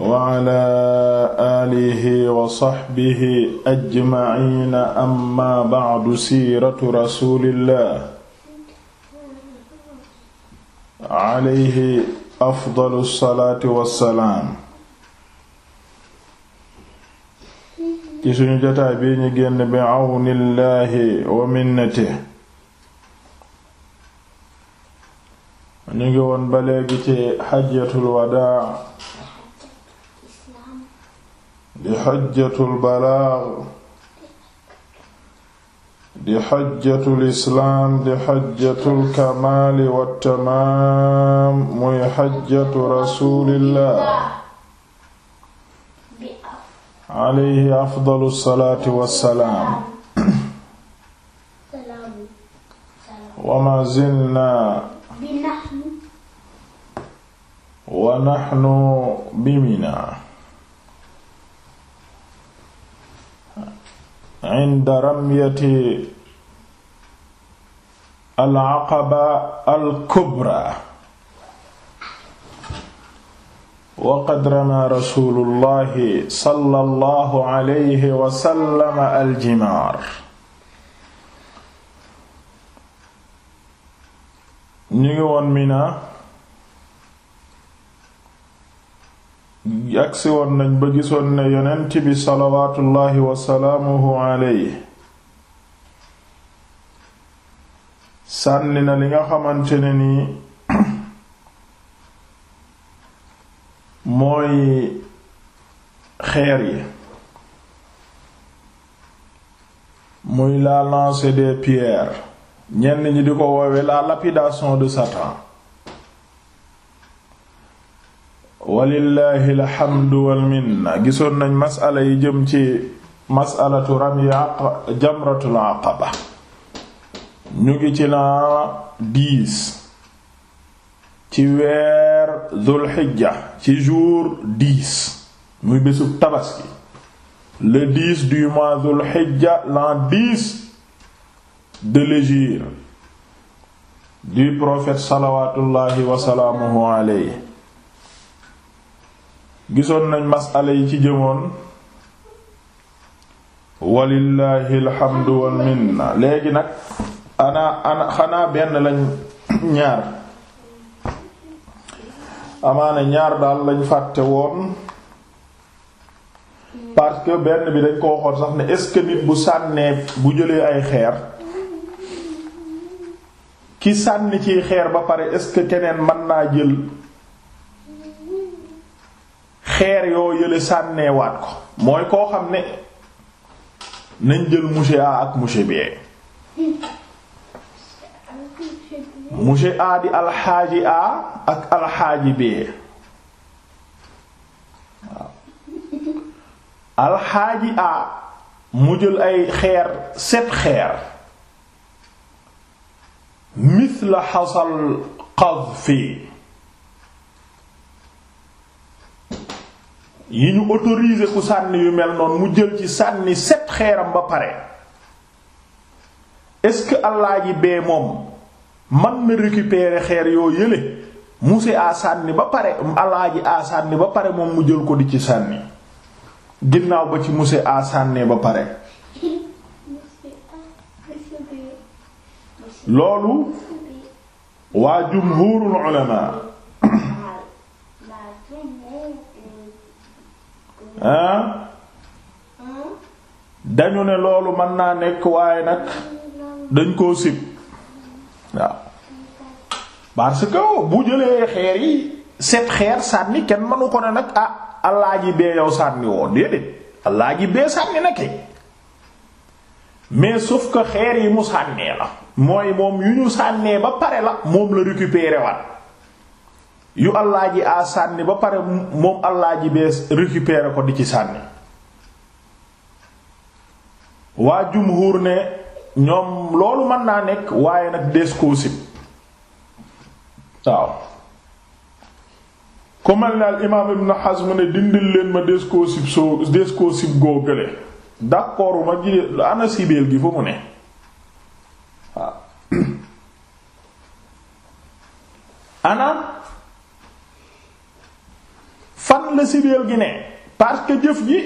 waala alihi wa saxbihi ajmaciina amma bacdu siiratu rasulillah alayhi afdalu salaati wassalaam ci suñu jotaay bii ñu génn bi awnillahi wa minnatihi ñu ngi woon ba léegi ci xajjatul wadaa di xajjatul balaag di xajjatul islaam di xajjatul kamaali wattamaam muy xajjatu rasuulillah alayhi afdalu salaati wassalaam wa ma zilna wa naxnu bimina inda ramyati al aqaba al kubra waqad rama rasulullahi sallallahu alayhi wa sallam al jimaar ñu ngi woon Mina agsi woon nañ ba gisoon ne yonent bi salawaatullaahi wasalaamuhu alayhi sànni na li nga xamante ne nii mooy xeer yi muy la lancer des pierres ñenn ñi di ko woowe la lapidation de Satan walillahi alhamdu wal minna gisoon nañ masala yi jëm ci masalatu rami jamratul aqaba ñu ngi ci la dix ci weer dhul hijja ci jour dix muy bésub tabaski le dix du mois dhul hijja l'an dix de l'hégire du prophète salawatullahi wa salaamuhu alayhi gisoon nañ masala yi ci jëmoon walillahi alhamdu wal léegi nag ana ana xanaa benn lañ ñaar amaana ñaar daal lañ fàtte woon parce que benn bi dañ ko waxoon sax ne est nit bu sànnee bu jëlee ay xeer ki sànni ciy xeer ba pare est-ce que keneen mën naa jël xeer yoo yële sànneewaat ko mooy koo xam ne nañ jël monsieur A ak monsieur B monsieur A di alxaaji A ak alxaaji B waaw alxaaji A mu jël ay xeer set xeer mithla xasal fii yi ñu autorisé ku sànni yu mel noonu mu jël ci sànni set xeeram ba pare est-ce que allah ji bee moom man na récupérer xeer yoo yële muse a sànni ba pare allah ji a sànni ba pare moom mu jël ko di ci sànni ginnaaw ba ci muse a sànnee ba pare loolu waa jumhurul ulama dañu ne loolu mën naa nekk waaye nag dañ koo sib waaw parce que bu jëlee xeer yi set xeer sànni kenn mënu ko ne nag a ah, allah ji bee yow sànni woo déedéet allah ji bee sànni na kay mais sauf ko xeer yi mu sànnee la mooy moom yu ñu sànnee ba pare la moom la récupérer waat yu allaaji a sànni ba pare moom allaaji bees récupérer ko di ci sànni waa jumhur ne ñoom loolu mën naa nekk waaye nag des koo sib waaw ku mel ne al imaam ibn Hazm ne dindil ma des koo sib soo des koo sib goo gële d'accorduma ji ana sibeel gi fu mu ne sibeel gi ne parce que jëf ji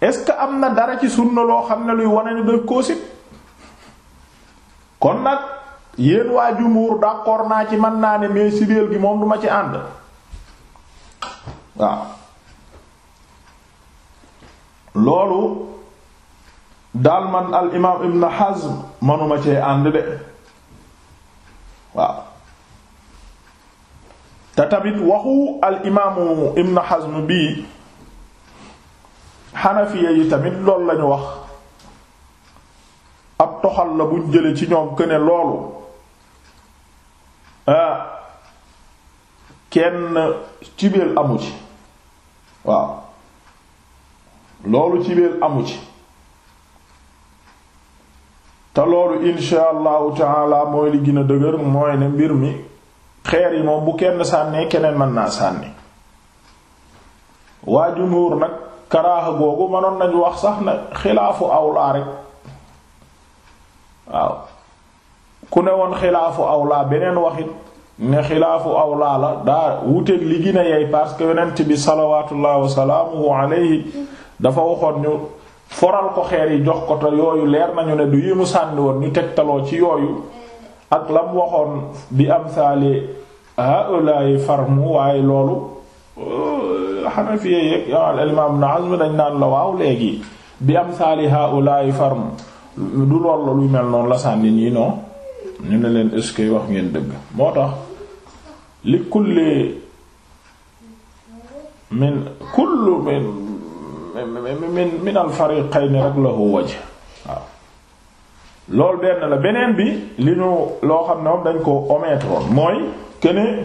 est-ce que am na dara ci sunna loo xam ne luy wane ni daf koo kon nag yéen waa jumuur d'accord naa ci mën naa ne mais sibeel gi moom duma ci ànd waaw loolu daal man al imaam ibn Hazm manuma cee ànd de waaw te tamit waxu al imaamu Ibn Hazm bii xanafiya yi tamit loolu lañu wax ab toxal la buñ jële ci ñoom këne loolu ah ci cibeel amu ci waaw loolu ci cibeel amu ci te loolu insha allahu taala mooy li dëgër mooy ne mbir mi xeer yi moom bu kenn sànnee keneen mën naa sànni waa jumhur nag karaaxa googu mënoon nañu wax sax na xilaafu awlaa rek waaw ku ne woon xilaafu awlaa beneen waxit ne xilaafu awlaa la daa wuteeg li gën a yey parce que yonent bi salawatullahi wasalaamuhu alayhi dafa waxoon ñu foral ko xeer yi jox ko te yooyu leer nañu ne du yi mu sànni woon ñu tegtaloo ci yooyu ak lam waxoon bi am saali haulayi farmu waaye loolu xanafiye euh, yeeg al imam Ibn Hazm dañ naan la waaw léegi bi am saali haulayi farmu du lool la lu mel noonu la sànni nii non ñu ne leen est-ce wax ngeen dëgg moo tax li kulli min kullu min min min al fariqayn rek lahu wajh waaw loolu benn la beneen bi li ñu loo xam ne moom dañ ko omettre woon mooy këne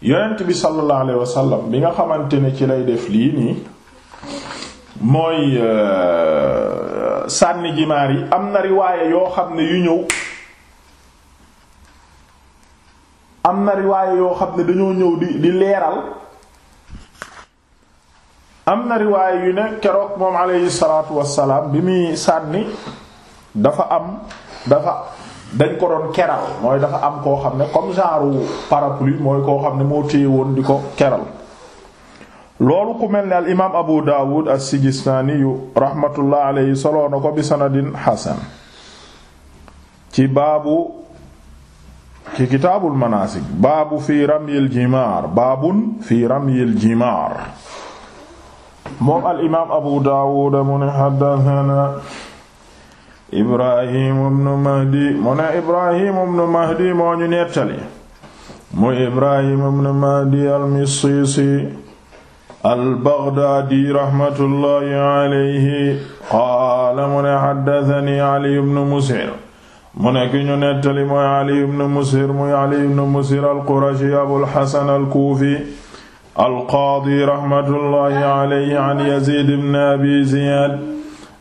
yonent bi sallallahu alayhi wa bi nga xamante ne ci lay def lii nii mooy euh, sànni jimaar yi am na riwaaye yoo xam ne yu ñëw am na riwaaye yoo xam ne dañoo ñëw di di leeral am na riwaay yu ne keroog moom aleyhi salaatu wassalaam bi muy sànni dafa am dafa dañ ko doon keral mooy dafa am koo xam ne comme genre mooy koo xam ne moo téye woon di ko keral loolu ku mel ne al imaam abu daawud as-sijistaani yu raxmatullah aleyhi soloo na ko bi sanadin xasan ci baabu ci kitaabul manaasik baabu fi ramyil jimaar baabun fi ramyil jimaar moom al imaam abu daawuda mu ne xaddathana ibrahim ibnu mahdi mu ne ibrahim ibnu mahdi moo ñu nettali mu ibrahim ibnu mahdi al misiisi al baghdaadi raxmatullaahi alayhi qaala mu ne xaddathani ali ibnu musir mu ne ki ñu nettali mooy ali ibnu musir muy ali ibnu musir al qurashi abul xasan al kuufi alqaadi raxmatullahi alayhi an yazid ibn abi ziyad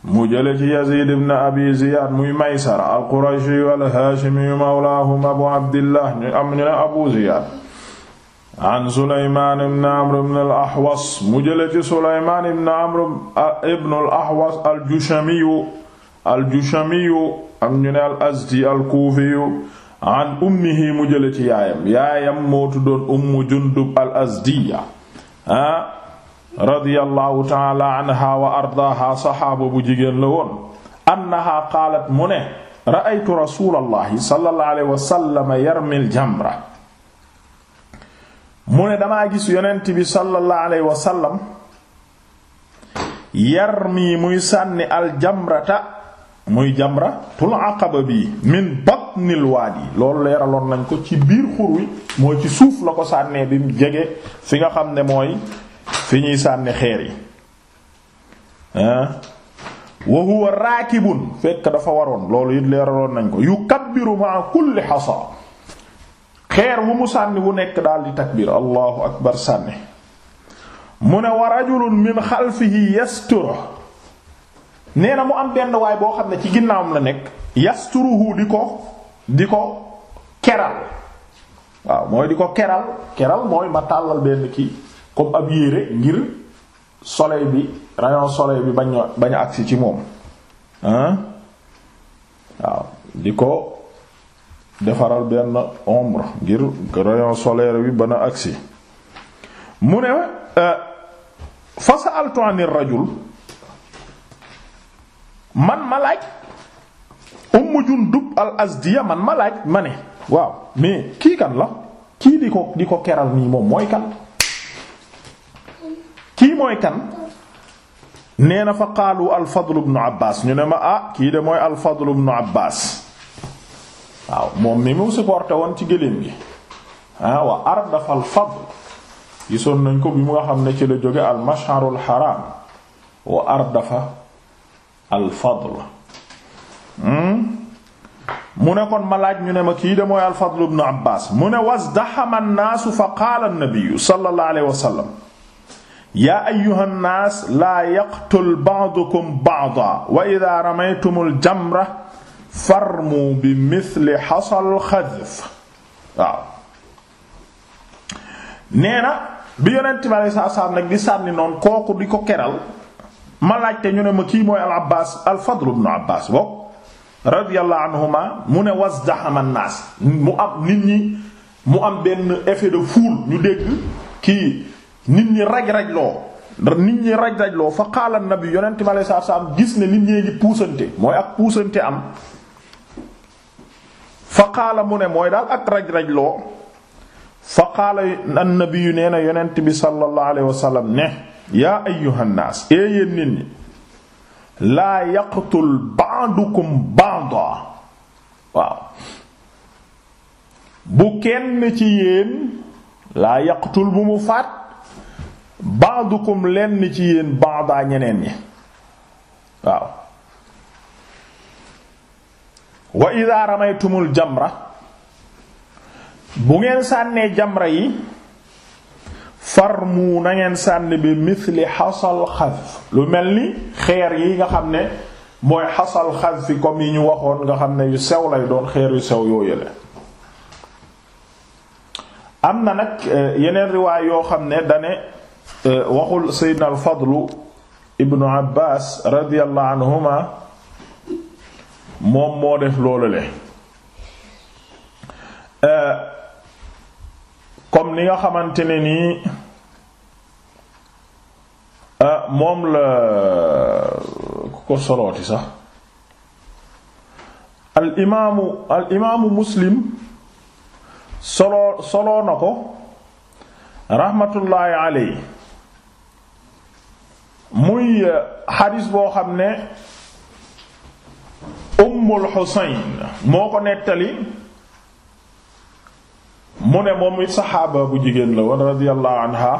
mu jële ci yazid ibn abi ziyad muy maysara alqurashiyu alhaashimiyu mawlaahum abu abdillah ñu am ñu ne abu ziyad an suleymaan ibn amr ibn al ahwas mu jële ci suleymaan ibn amr ibn al ahwas aljushamiyu aljushamiyu am ñu ne al azdi alkuufiyu an ummihi mu jële ci yaayam yaayam moo tuddoon ummu jundub al azdiya ah radiyallahu taala anha wa ardaaha saxaaba bu jigéen la woon annaha qaalat mu ne ra'aytu rasulallahi sallallahu alayhi wa sallam yarmil jamra mu ne damaa gis yonent bi sallallahu alayhi wa sallam yarmi muy sànni al jamrata muy jamratul aqaba bi min batnil waadi loolu leeraloon nañ ko ci biir xur wi mooy ci suuf la ko sànnee bi mu jege fi nga xam ne mooy fi ñuy sànni xeer yi wa huwa raakibun fekk dafa waroon loolu it leeraloon nañ ko yukabbiru ma'a kulli hasa xeer wu mu sànni wu nekk daal di takbir allahu akbar sànni mu ne wa rajulun min xalfihi yasturu nee na mu am benn waay boo xam ne ci ginnaawam la nekk yasturuhu di ko di ko keral waaw mooy di ko keral keral mooy ma tàllal benn ki comme ab yére ngir soleil bi rayon soleil bi bañ bañ agsi ci moom hein waaw di ko defaral benn ombre ngir rayon solaire bi bana agsi mu ne euh, fa sa'altu 'anir rajul man ma laaj Umm Jundub al Azdiya man ma laaj ma ne waaw mais kii kan la kii di ko di ko keral nii moom mooy kan kii mooy kan nee na fa qaalu al Fadl ibn Abbas ñu ne ma ah kii de mooy al Fadl ibn Abbas waaw moom mi mu supporté woon ci gëléem gi ah wa ardafa al Fadl gisoon nañ ko bi mu nga xam ne ci la jóge al mash'arul haram wa ardafa al Fadl Hmm? mu ne kon ma laaj ñu ne ma kii de mooy al-Fadl ibn Abbas mu ne wazdaxama nnaasu fa qaala an-nabiyyu sallallahu alayhi wa sallam yaa ayyuha nnaas laa yaqtul ba'dukum ba'dan wa idhaa ramaytumul jamra farmuu bi mithli hasal xadf waaw nee na bi yonent bi alayhi salaam nag di sànni noonu kooku di ko keral ma laajte ñu ne ma kii mooy al-Abbas al-Fadl ibn Abbas bokk radiyallahu anhuma mu ne wasdaxama naas mu am nit ñi mu am benn effet de foule ñu dégg kii nit ñi raj-raj loo nit ñi raj-raj loo fa qaala nabi yonent mi alayhi salaatu salaam gis ne nit ñee ngi puusante mooy ak puusante am fa qaala mu ne mooy daal ak raj rajloo loo fa qaala an nabi yu nee na yonent bi sallallahu alayhi wa ne yaa ayyuhan naas nit ñi laa yaqtul ba'dukum ba'da waaw bu kenn ci yéen laa yaqtul bu mu faat ba'dukum lenn ci yéen ba'da ñeneen yi waaw wa idha ramaytumul jamra bu ngeen sànnee jamra yi farmu na ngeen sànni bi mithli xasal xadf lu mel ni xeer yi nga xam ne mooy xasal xadf fi comme yi ñu waxoon nga xam ne yu sew lay doon xeer yu sew yooyu yële am na nag euh, yeneen riwaay yoo xam ne dane euh, waxul seydna al fadlu ibnu abbas radiyallahu anhuma moom moo def loolu le euh, comme ni nga xamante nii Ah, moom la ku ko solooti sax al imaamu al imaamu muslim soloo soloo na ko raxmatullaahi aley muy eh, xadis boo xam ne ummul xusayn moo ko nettali mu ne moom it saxaaba bu jigéen la woon radiyallahu anha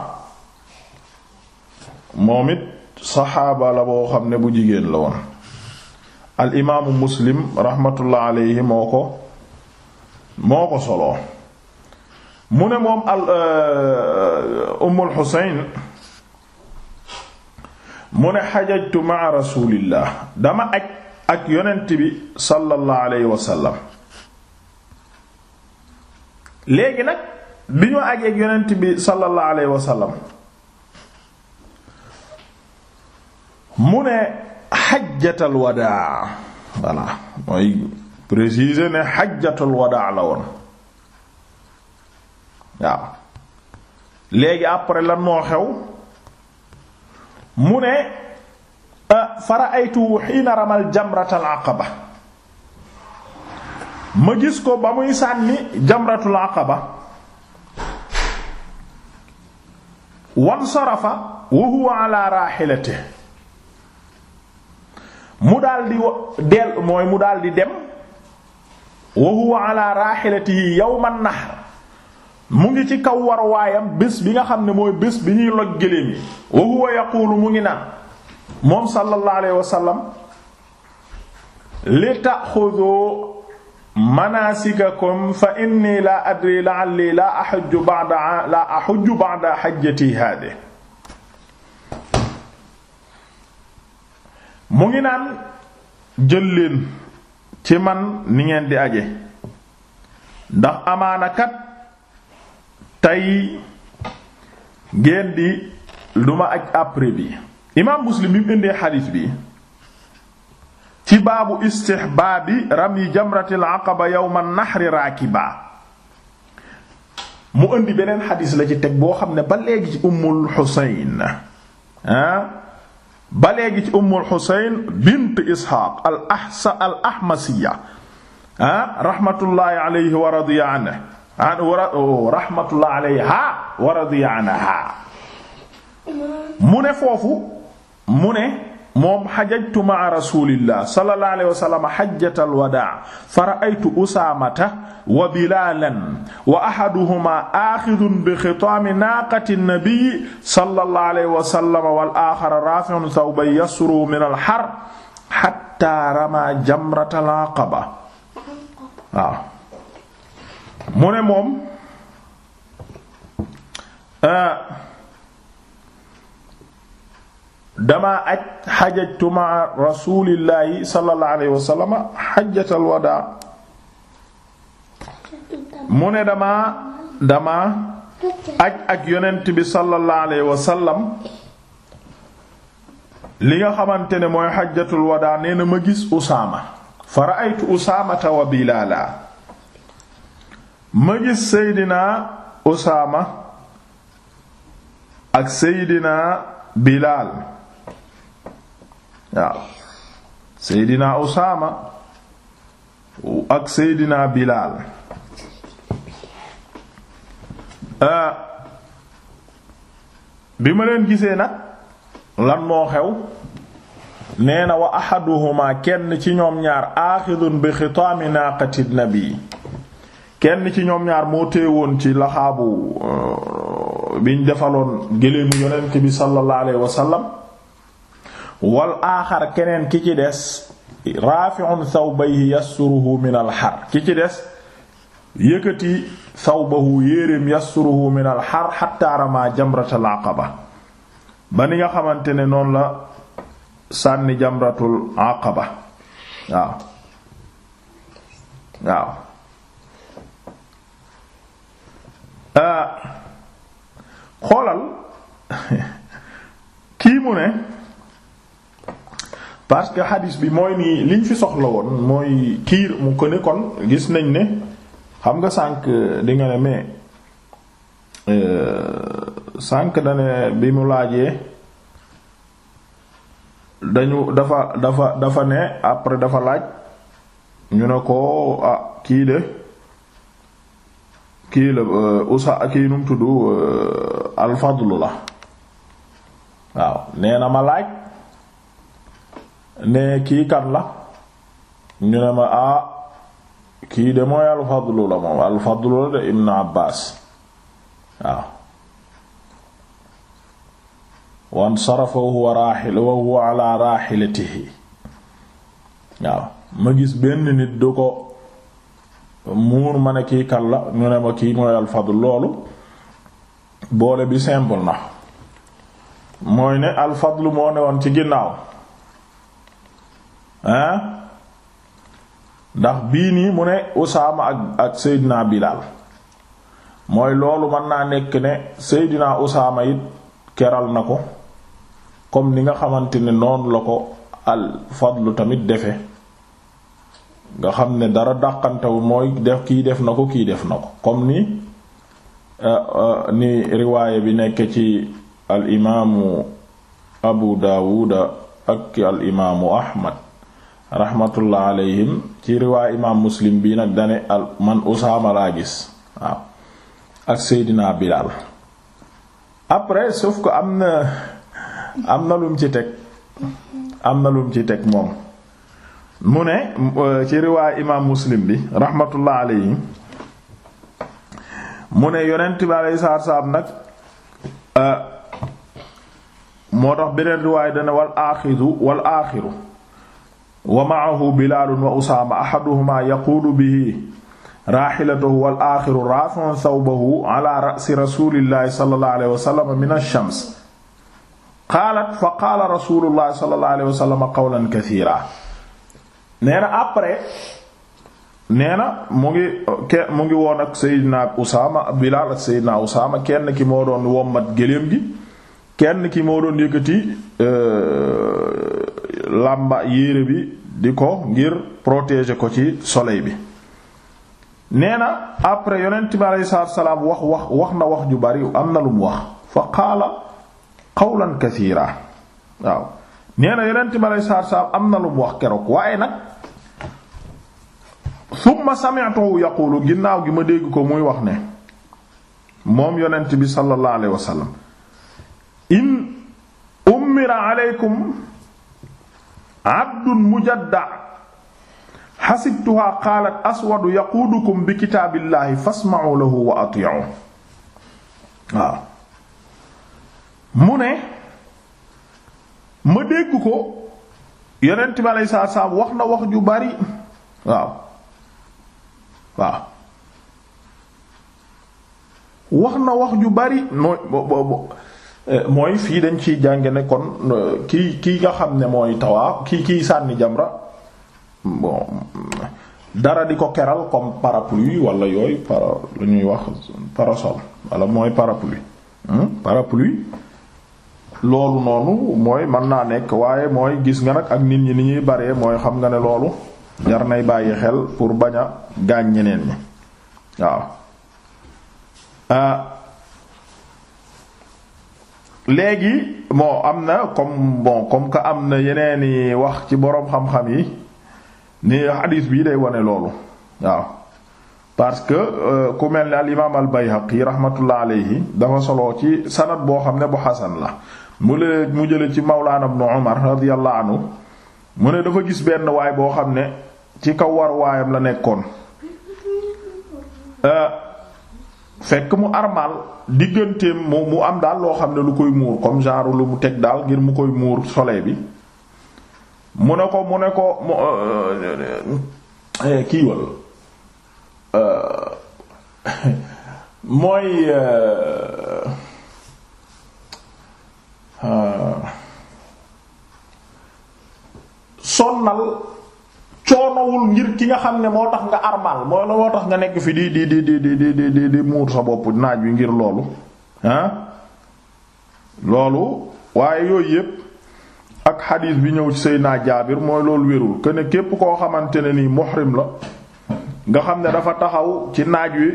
moom it saxaaba la boo xam ne bu jigéen la woon al imaamu muslim raxmatullah alayhi moo ko moo ko soloo mu ne moom al euh, ummul xuseyn mu ne xajajtu ma rasulillah dama aj ak yonent bi sallallahu alayhi léegi nag bi ñu ajee yonent bi sallallahu alayhi mu ne xajjatal wadaa voilà mooy préciser ne xajjatul wadaa la woon waaw léegi après lan moo xew mu ne ah, fara'aytu xiina ramal jamratal aqaba ma gis ko ba muy sànni jamratul aqaba wansarafa wa huwa ala raxilatihi mu daal di del mooy mu daal di dem wa huwa ala rahilatihi yawman mu ngi ci kaw war waayam bés bi nga xam ne mooy bés bi ñuy loj gëléem yi wa huwa yaqulu mu ngi naan moom sallallahu alayhi li ta'khudhu manasikakum fa inni la adri la'alli la ahujju ba'da la ahujju ba'da hajjati hadhihi mu ngi naan jël leen ci man ni ngeen di aje ndax kat tey ngeen di lu ma aj après bi imaam muslim bi mu indee xadiis bi ci baabu istihbaabi rami jamratil aqaba yawma nahri raakiba mu indi beneen xadiis la ci teg boo xam ne ba léegi ci ummul xuseyn ah, ba léegi ci ummul xusayn bint isxaaq al ahsa al ahmasiya ah rahmatullahi alayhi wa radiya anhu oh, rahmatullahi alayha wa radiya anha mu ne foofu mu ne moom xajajtu maa rasulillah sallallahu alayhi wa sallam xajjatal wadaa fa ra'aytu usaamata wa bilaalan wa ahaduhuma axidun bi xitaami naaqati nabii sallallahu alayhi wa sallam wal axar raafi'un thawbay yasru min al xar xatta rama jamratal aqaba waaw mu ne moom. Eh, dama aj xajajtu ma rasuulillaahi sallallahu alayhi wasallam xajatal wadaa mu ne dama dama aj ak yonent bi sallallahu alayhi li nga xamante ne mooy xajatul wadaa nee na ma gis usaama fa ra'aytu usaamata wa bilaala ma gis seydinaa usaama ak seydinaa bilaal waaw seydina Usaama ak seydina Bilaal ah. bi ma leen gisee nag lan moo xew nee na wa ahaduhuma kenn ci ñoom ñaar aaxidun bi xitaami naaqati nabi kenn ci ñoom ñaar moo téewoon ci laxaabu uh, biñ defaloon géléemu yonent bi sallallahu alayhi wal aaxar keneen ki ci des raafi'un thawbayhi yasturuhu min al ki ci des yëkkati thawbahu yéreem yasturuhu min al xar hatta rama jamratal aqaba ba ni nga xamante ne noonu la sànni jamratul aqaba waaw waaw ah. xoolal kii mu ne parce que hadis bi mooy nii liñ fi soxla woon mooy kiir mu ko ne kon gis nañ ne xam nga sànq di nga ne mais euh, sànq da bi mu laajee dañu dafa dafa dafa ne après dafa laaj ñu ne ko ah kii de kii la euh, usa kii num tudd euh, alfadlu la waaw nee na ma laaj ne kii kan la ñu ne ma ah kii de mooy alfadlu la moom alfadlu la de ibn Abbas waaw wan sarafa wa huwa raaxil wa huwa ala raaxilatihi waaw ma gis benn nit du ko muur ma ne kii kan la ñu ne ma kii mooy alfadlu loolu boole bi simple na mooy ne alfadlu moo ne woon ci ginnaaw ah ndax bii nii mu ne Usaama ak ak Seydina Bilaal mooy loolu mën naa nekk ne Seydina Usaama it keral na ko comme ni nga xamante ne noonu la ko al fadlu tamit defe nga xam ne dara dàqantewu mooy def kii def na ko kii def na ko comme ni euh, euh, ni riwaaye bi nekk ci al imaamu Abu Daawuda ak al imaamu Ahmad rahmatullah alayhim ci riwaay imaam muslim bi nag dane al man usaama laa gis waaw ak seydinaa bilaal après sauf que am na am na lum ci teg am na lum ci teg moom mu ne ci riwaay imaam muslim bi rahmatullah alayhim mu ne yonent bi alayhi salaatu salaam nag euh, moo tax beneen riwaay dane wal aaxiru wal aaxiru wa maahu bilaalun wa usaama ahaduhuma yaquudu bihi raaxilatahu wal aaxiru raafi'un sawbahu ala ra'si rasuulillahi sallallahu alayhi wa sallam min ash-shams qaalat fa qaala rasuulullahi sallallahu alayhi wa sallam qawlan kathiira nee na après nee na mu ngi ke mu ngi woon ak Seydina Usaama Bilaal ak Seydina Usaama kenn ki moo doon wommat gëléem gi kenn ki moo doon yëkkati euh, làmba yéere bi di ko ngir protéger ko ci soleil bi nee na après yonent bi aleyhi salaatu salaam wax wax wax na wax ju bari am na lu mu wax fa qaala qawlan kathiira waaw nee na yonent bi aleyhi salaatu am na lu mu wax keroog waaye nag summa sami'tuhu yaqulu ginnaaw gi ma dégg ko muy wax ne moom yonent bi sallallahu alayhi wa in umira aleykum abdun mujadda xasibtuhaa qaalat aswadu yaquudukum bi kitaabillaahi fasma'u lahu wa ati'u waaw mu ne ma dégg ko yonent bi alayhi salaatu wax na wax ju bari waaw waaw wax na wax ju bari nooy Euh, mooy fii dañ ciy jànge ne kon euh, kii kii nga xam ne mooy tawaaf kii kii sànni jamra bon dara di ko keral comme parapluie wala yooyu para lu wax parasol wala mooy parapluie parapluie loolu noonu mooy mën naa nekk waaye mooy gis nga nag ak nit ñi ni ñuy baree mooy xam nga ne loolu jar nay bàyyi xel pour bañ a gaañ ñeneen ñi waaw euh, léegi bon am na comme bon comme que am na yeneeni wax ci boroom xam-xam yi ni xadiis bii day wane loolu waaw parce que euh, ku mel ne al imaam yi Bayhaqi rahmatullah alayhi dafa solo ci sanad boo xam ne bu xasan la mu le mu jële ci mawlaana ibnu Umar radiyallahu anhu mu ne dafa gis benn waay boo xam ne ci kaw war waayam la nekkoon. Euh, fekk mu armal digganteem mu mu am daal loo xam ne lu koy muur comme genre lu mu teg daal ngir mu koy muur soleil bi mu ne ko mu ne ko euh, euh, kiiwal euh, mooy sonnal coonowul ngir ki nga xam ne moo tax nga armal tax nga nekk fi di di di di di di di wi ngir loolu loolu waaye yooyu yépp ak xadiis bi ñëw ci Seydina Jaabir mooy loolu wérul que képp koo xamante ne nii muhrim la nga xam ne dafa taxaw ci naaj wi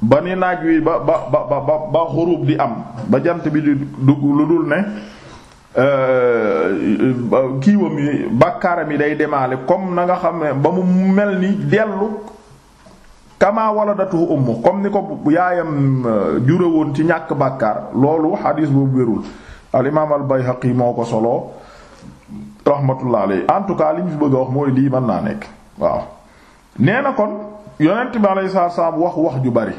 ba ni naaj wi ba ba ba ba xurub di am ba jant bi dugg lu dul ne Euh, euh, kiiwam yi bàkkaaram yi day demaale comme na nga xam ne ba mu mel ni dellu kama waladatu ummu comme ni ko yaayam euh, jure woon ci ñàkk bàkkaar loolu xadiis boobu wérul al imaam al Bayhaqi moo ko solo rahmatullah alayhi en tout cas li fi bëgg a wax mooy lii mën naa nekk waaw nee na kon yonent bi alayhi salaatu salaam wax wax ju bari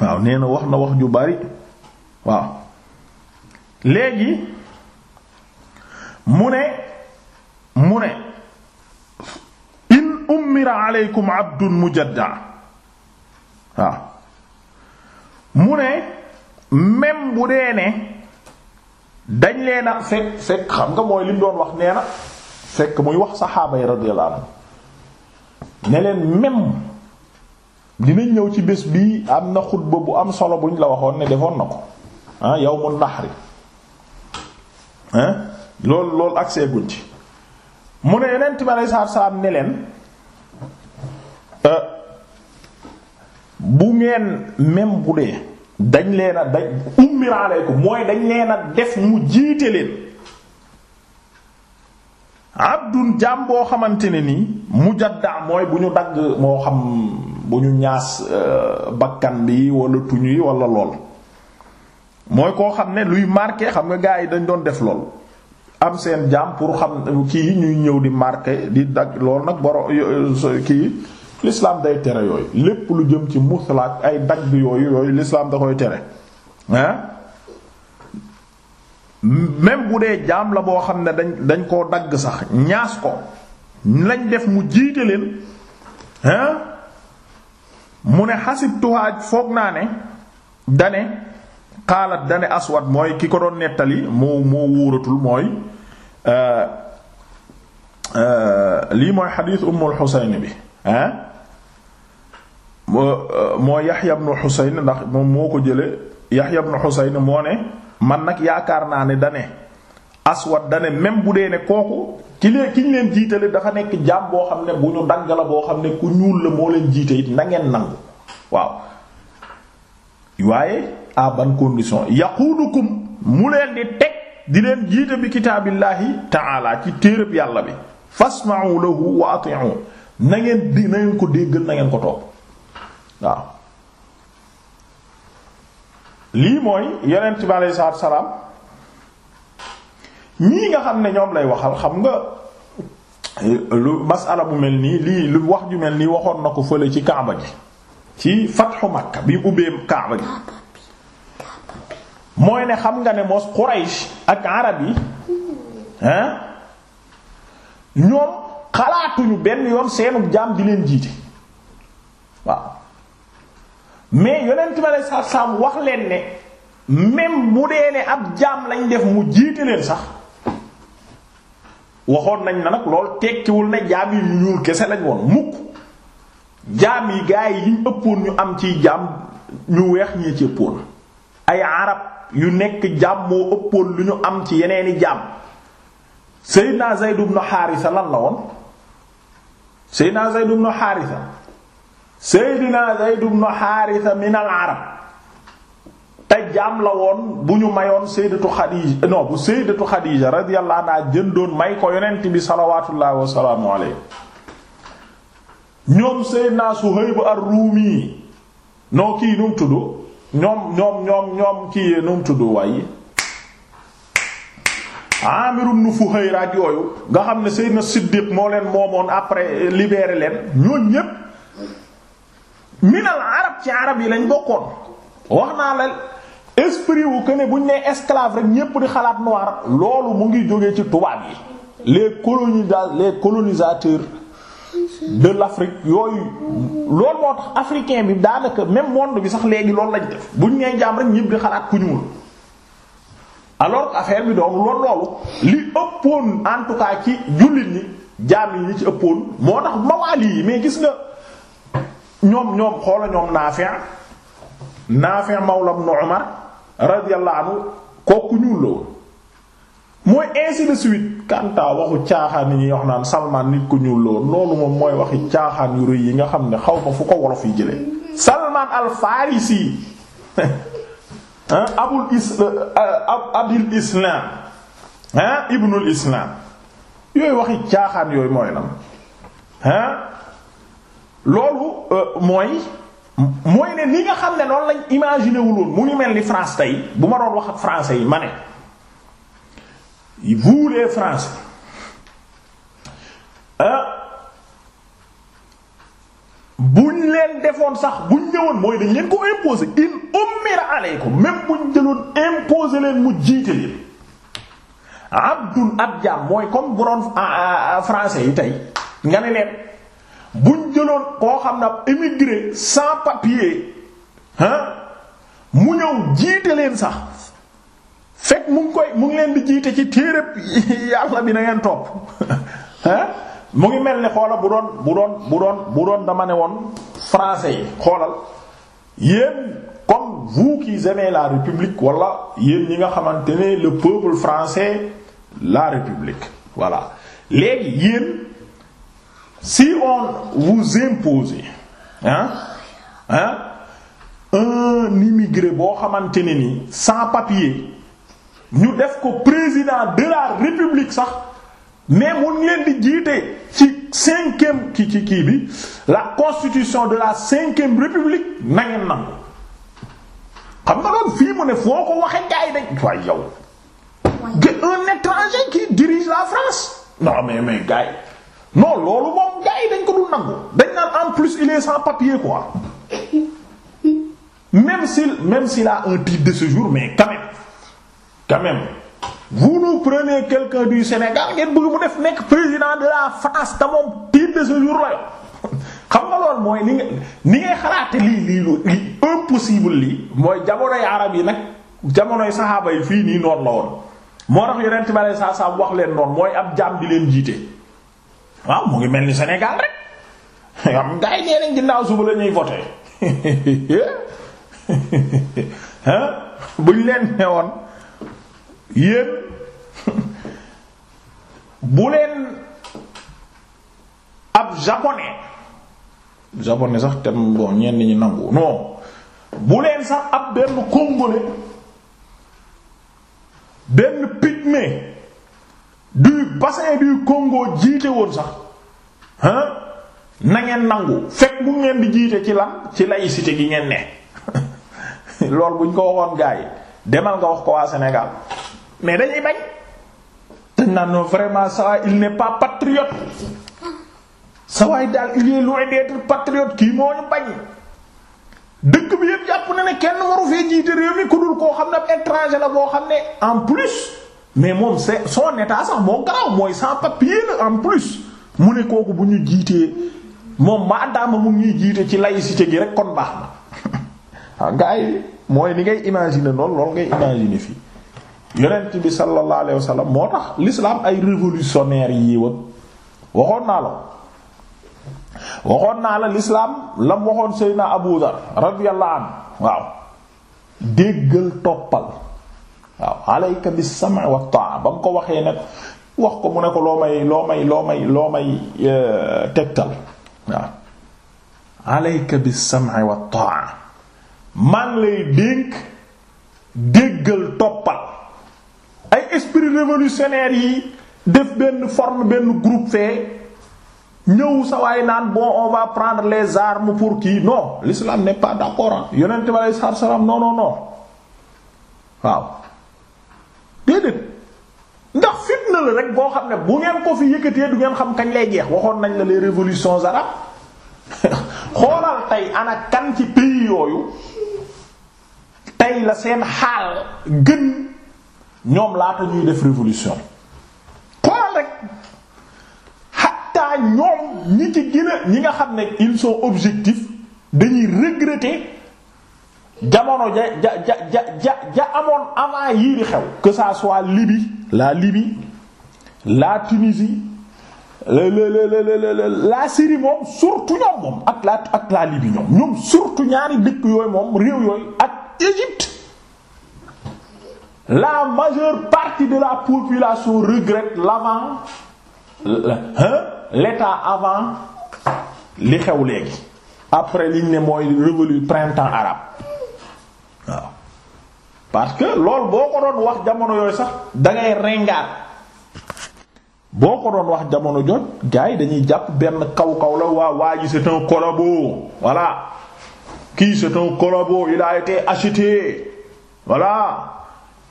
waaw nee na wax na wax ju bari waaw léegi mu ne mu ne in ummira aleykum abdun mujadda waaw mu ne même bu dee ne dañ leen a fekk fekk xam nga mooy lim doon wax nee na fekk muy wax saxaaba yi radiyallahu anhu ne leen même dinañ ñëw ci bés bii am na xutba bu am solo buñ la waxoon ne defoon na ko ah yawmun nahri loolu loolu accès guñ ci mu ne yonent bi aleyhi salaatu salaam ne leen euh, bu ngeen même bu dee dañ leen dañ ummira aleykum mooy dañ leen a def mu jiite leen abdun jaam boo xamante ne nii mujadda mooy bu ñu dagg moo xam bu ñu ñaas euh, bakkan bi wala tuñ yi walla lool mooy koo xam ne luy marqué xam nga gaa yi dañ doon def lool am seen jaam pour xam kii ñuy ñëw di marqué di dagg loolu nag boro kii l'islam day tere yooyu lépp lu jëm ci muslaak ay dagg yooyu yooyu l'islam da koy tere ah même bu dee jaam la boo xam ne dañ dañ koo dagg sax ñaas ko lañ def mu jiite leen ah mu ne xasib tuhaaj foog naa ne dane xaalat dane aswad mooy ki ko doon nettali moo moo wóoratul mooy euh, euh, lii mooy xadiis ummul xuseyn bi ah mooy yaxya bnu xuseyn ndax moom moo ko jële yaxya bnu xuseyn moo ne man nag yaakaar naa ne dane aswad dane même bu dee ne kooku ki leen ki ñu leen jiitale dafa nekk jaam boo xam ne bu ñu dagg la boo xam ne ku ñuul la moo leen jiite it na ngeen nangu waaw waaye à ban condition yaquudukum mu leen di teg di leen jiite bi kitaabillahi ta'ala ci téereb yàlla bi fasma'u lahu wa ati'u na di na ko déggal na ko topp waaw lii mooy yonent bi alayhi salaam ñii nga xam ne ñoom lay waxal xam nga lu masala bu mel nii lii lu wax ju mel nii waxoon na ko fële ci kaaba gi ci fatxu makka bi ubbee kaaba gi mooy ne xam nga ne mos Quraysh ak arab yi hein ñoom xalaatuñu benn yoon seenu jaam di leen jiite waaw mais yonent ma lay saab wax leen ne même mu dee ne ab jaam lañ def mu jiite leen sax waxoon nañ na nag lool tekkiwul ne jaam yi ñu ñuul kese lañ woon mukk jaam yi gaa yi ñu ëppoon ñu am ciy jaam ñu weex ñee ci ëppoon ay arab yu nekk jaam moo ëppoon lu ñu am ci yeneeni jaam Seydina Zayd ibn Haarisa lan la woon Seydina Zayd ibn Haarisa Seydina Zayd ibn Haarisa min al arab te jaam la woon bu ñu mayoon Sayyidatu Xadiija non bu Sayyidatu Xadiija radiyallahu anha jëndoon may ko yonent bi salawaatullaahi wa salaamu alayhi ñoom Seydina Suhayb ar-Ruumi noo kii nu tudd ñoom ñoom ñoom ñoom kii yee noonu tudd waaye Amir ibn Fuhayra ak yooyu nga xam ne Seydina Siddiq moo leen moomoon après libeere leen ñooñ ñépp minal arab ci arab yi lañ bokkoon wax naa la esprit wu que ne buñ nee esclave rek ñépp di xalaat noir loolu mu ngi jógee ci tubaab yi les colonial les colonisateurs de l'Afrique yooyu loolu moo tax africain bi daanaka même monde bi sax léegi loolu lañ def buñ nee jaam rek ñëpp di xalaat ku ñuul alors que affaire bi doon loolu li ëppoon en tout cas ci jullit ñi jaam yi ñi ci ëppoon moo tax mawaali yi mais gis nga ñoom ñoom xoola ñoom Naafi' Naafi' mawla ibn Umar radiyallahu anhu kooku ñuul la woon mooy ainsi de suite kanta waxu caaxaan yi ñuy wax naan Salman nit ku ñuul lool loolu moom mooy waxi caaxaan yu rëy yi nga xam ne xaw ma fu ko wolof yi jëlee. Salman al Farisi ah abul is euh, euh, abdil islam ah islam yooyu waxi caaxaan yooyu mooy lan ah loolu euh, mooy. mooy ne ni nga xam ne noonu lañ imaginer mu ngi mel ni France tey bu ma doon wax ak français yi ma ne. vous les bu ah. buñ leen defoon sax buñ ñëwoon mooy dañ leen ko imposer in ummira aleykum même buñ jëloon imposer leen mu jiite leen abdul ab jaam mooy comme bu doon ah, ah, français yi tey nga ne leen buñ jëloon koo xam na immigré sans papier mu ñëw jiite leen sax fekk mu ngi koy mu ngi leen di jiite ci téereb yàlla bi na ngeen topp ah mu ngi mel ni xoolal bu doon bu doon bu doon bu doon dama ne woon français yi xoolal yéen comme vous qui aimez la république wala yéen ñi nga xamante ne le peuple français la république voilà léegi yéen si on vous impose hein hein un immigré boo xamante ni sans papier. ñu def ko président de la république sax mais mu ngi leen di jiite ci cinquième kii ci kii bi la constitution de la cinquième république nangeen ngeen nangu xam nga loolu fii mu ne foo ko waxe gaay dañ waaye yow un dirige la France non mais mais gaay non loolu moom gaay dañ ko dul nangu dañ naan en plus il est sans papier quoi même s'il même s'il a un titre de séjour mais quand quand même vous nous prenez quelqu'un du Sénégal ngeen bëgg mu def nekk président de la France te moom de séjour la yor xam nga loolu mooy li nga ni ngay xalaate lii lii li impossible lii mooy jamonoy arab yi nag jamonoy saxaaba yi fii nii noonu la woon moo tax yonent bi aleyhi salaatu salaam wax leen noonu mooy ab jaam di leen jiite waaw mu ngi mel ni Sénégal rek xam nga yi nee nañ ginnaaw suba la buñ leen newoon yéen bu leen ab japonais japonais sax tam bon ñenn ñi nangu non bu leen sax ab benn congolais benn pygmée du bassin du Congo jiite woon sax hein na ngeen nangu fekk bu ngeen di jiite ci la ci laïcité gi ngeen ne loolu bu ñu ko waxoon gaa yi demal nga wax ko waa senegaal mais dañuy bañ dañ naan non vraiment ça il n'est pas patriote sa waay daal il est loin d'être patriote kii moo ñu bañ dëkk bi yëpp jàpp na ne kenn waru fee jiite réew mi ku koo xam ne ab étranger la boo xam ne en plus mais moom c'est son état sax moo garaaw mooy sans papier la en plus mu ne kooku bu ñu jiitee moom ma daama mu ngi jiite ci laïcité gi rek kon baax na. ah gars yi mooy ni ngay imaginer lool lool ngay imaginer fii. yonent bi sallallahu alayhi wa sallam moo tax l'islam ay révolutionnaire yi wag waxoon naa la waxoon naa la l'islam lam waxoon Seydina Abu Dhar radiyallahu anhu waaw déggal toppal waaw alayka bis sam'i wat ba mu ko waxee ne wax ko mu loo may loo may loo may loo may eh, tegtal waaw alayka bis ta'a maa lay dénk déggal toppal ay esprit révolutionnaire yi def benn forme benn groupe fee ñëw sa waay naan bon on prendre les armes pour qui non l'islam n'est pas d'accord ah yonent bi aleyhi salaatu salaam non non waaw déedéet ndax fitna la rek boo xam ne bu ngeen ko fi yëkkatee du ngeen xam kañ lay jeex waxoon nañ la les révolution arabes xoolal tey ana kan ci pays yooyu tey la seen xaal gën. ñoom laata ñuy def révolution xoolal rek xatta ñoom ñi ci gën ñi nga xam ne il sont objectif dañuy regretter jamono ja ja ja ja ja amoon avant yii di xew que ça soit Libye la Libye la Tunisie la la la Syrie moom surtout ñoom moom ak la ak la Libye ñoom ñoom surtout ñaari dëkk yooyu moom réew yooyu ak Égypte la majeure partie de la population regrette l'avant l'état avant li xew léegi après liñ ne mooy révolu printemps arabe waaw parce que loolu boo ko doon wax jamono yooyu sax dangay ringaat boo ko doon wax jamono jot gars yi dañuy jàpp benn kaw kaw la waa waa ji c'est un collabo kii c'est un collabo il a été acheté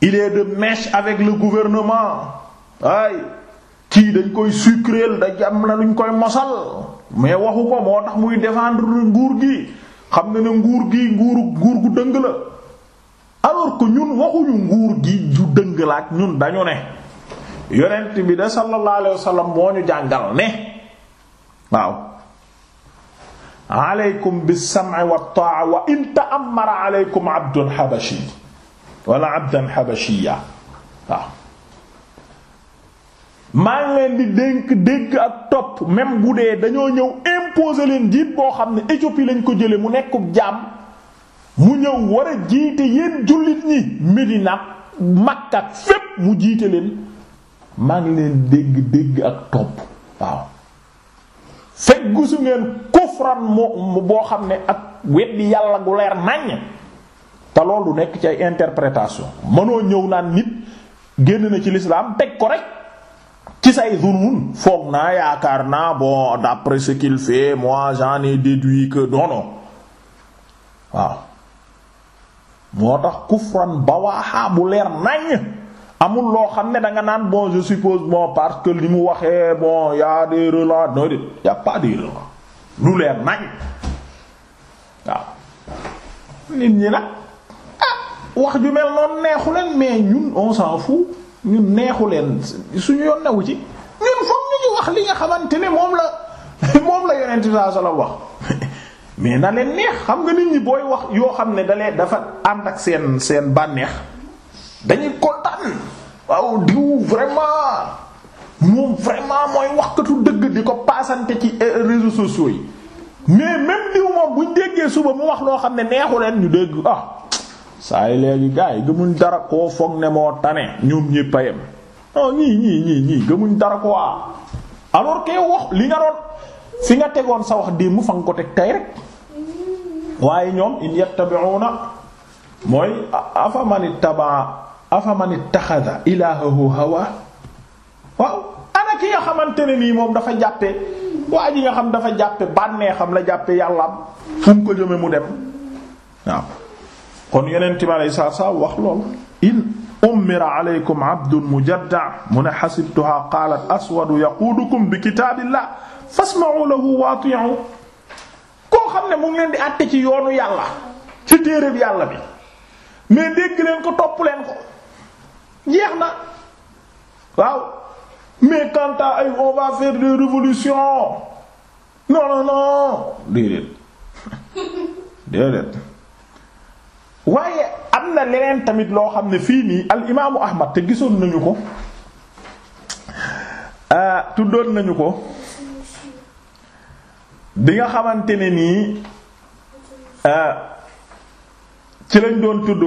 il est de mèche avec le gouvernement ay kii dañ koy sucreel da jam na luñ koy mosal mais waxu ko moo tax muy défendre nguur gi xam nga ne nguur gi nguur nguur gu dëng la alors que ñun waxuñu nguur gi ju dëng la ñun dañu ne yonent bi de sallallahu alayhi wasallam moo ñu jàngal ne waaw aleykum bis sam'i wat ta'a aleykum abdun habashi wala abdan habashiya waaw maa ngi leen di dénk dégg ak topp même bu dañoo ñëw imposer leen jiit boo xam ne Éthiopie lañ ko jële mu nekkub jaam mu ñëw war a jiite yéen jullit ñi Médina Makka fépp mu jiite leen maa ngi leen dégg dégg ak topp waaw fekk gisu ngeen kufran moo boo xam ne ak weddi yàlla gu leer nàññ te loolu nekk ci ay interprétation mënoo ñëw naan nit génn na ci lislaam teg ko rek ci say zunun foog naa yaakaar naa bon d'après ce qu'il fait moi j'en ai déduit que non waaw moo tax kufran bawaaxa bu leer nañ amul loo xam ne danga naan bon je suppose bon parce que li mu waxee bon y a des relents de y a pas lu leer nañ waaw nit ñi nag. wax ju mel noonu neexu leen mais ñun on s'en fout ñun neexu leen suñu yoon newu ci ñun foog ñu ñu wax li nga xamante ne moom la moom la yonent bi sa la wax mais na leen neex xam nga nit ñi booy wax yoo xam ne dalee dafa ànd ak seen seen bànneex dañuy kontaan waaw diw vraiment moom vraiment mooy waxkatu dëgg di ko paasante ci eh, réseaux sociaux yi mais même diw moom buñ déggee suba mu wax loo xam ne neexu leen ñu dégg ah saa yi léegi gars yi gëmuñ dara koo foog ne moo tane ñoom ñépp a yem non ñii ñii ñii gëmuñ dara quoi alors que wax li nga doon fi nga tegoon sa wax démb fa nga ko teg tey rek waaye ñoom in yattabi'una mooy afa man ittaba afa man ittaxada ilaahahu hawa waaw ana ki nga xamante ne nii moom dafa jàppe waa ji nga xam dafa jàppe bànnee xam la jàppe yàllaam fu mu ko jëme mu dem waaw kon yeneen tibaale saa saa wax lool in ummira aleykum abdun mujadda mu ne xasibtuha qaalat aswadu yaquudukum bi kitaabillah fasma'u lahu wa ati'u koo xam ne mu ngi leen di àtte ci yoonu yàlla ci téereeb yàlla bi mais dégg leen ko topp leen ko jeex na waaw mais quant à ay on va faire des révolutions non waaye am na leneen tamit loo xam ne fii nii al imaamu ahmad te gisoon nañu ko ah, tuddoon nañu ko bi nga xamante ne nii ah, ci lañ doon tudd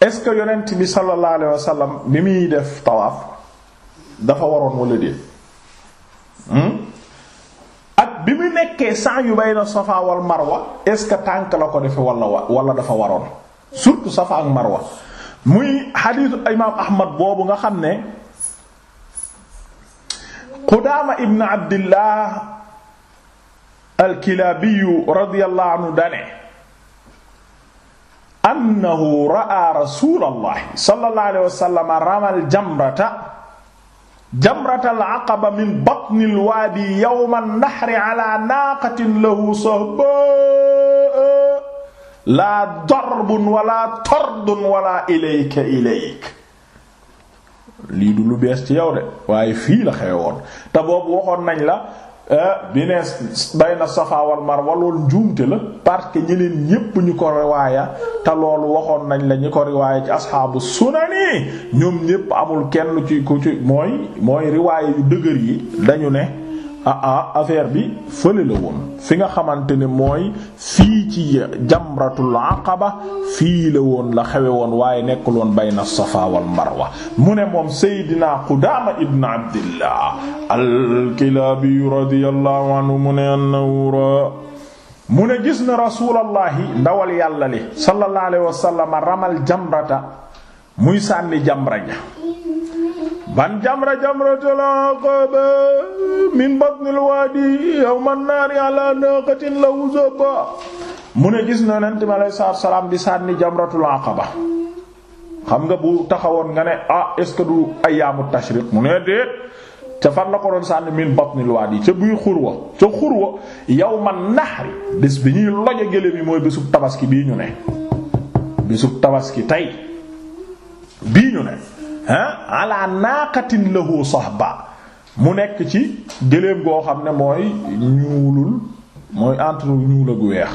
est-ce que yonent bi sallallahu alayhi wa bi muy def tawaaf dafa waroon wala déet hmm? bi mu nekkee saa yu bayna safa wal marwa est-ce que tànk la ko defe wala wala dafa waroon surtout safa ak marwa muy xadiisu imaam ahmad boobu nga xam ne qudaama ibn abdillah alkilaabiyu radiyallahu anhu dane annahu ra'a rasuulallahi sallallahu alayhi wa sallam ramal jamrata jamratal aqaba min batnil waadi yawma nahri ala naaqatin lahu sahbaa laa darbun wala tordun wala ilayka ilayk lii du lu bees ci yow de waaye fii la xewoon te boobu waxoon nañ la Euh, bi ne bayna Safa wal Marwa loolu njuumte la parce que ñeneen ñépp ñu ko riwaaya te loolu waxoon nañ lañu ñu ko riwaaya ci asxaabu sunani ñoom ñépp amul kenn ci ku ci mooy mooy riwaaya yu dëgër yi dañu ne ah ah affaire bi fële la woon fi nga xamante ne mooy fii. ci jamratul aqaba fii la woon la xewe woon waaye nekkul woon bayna safa wal marwa mu ne moom seydina qudaama ibn abdillah alkilaabi radiyallahu anhu mu ne annahu ra mu ne gis na rasulallahi ndawal yàlla li sallallahu alayhi wasallam ramal jamrata muy sànni jamra ja ban jamra jamratul aqaba min batnil waadi yawman naari ala naqatin lahu zaba mu ne gis na yonent bi alayhi salaam di sànni jamratul aqaba xam nga bu taxawoon nga ne ah est-ce que du ayyaamu tashriq mu ne déet ca fan la ko doon sànni min batnil waadi ca buy xurwa ca xurwa yawman nahri bés bi ñuy loje gëléem yi mooy bésub tabaski bii ñu ne bésub tabaski tey bii ñu ne ah ala naaqatin lahu sahba mu nekk ci gëléem goo xam ne mooy ñuulul mooy entre ñuul ak weex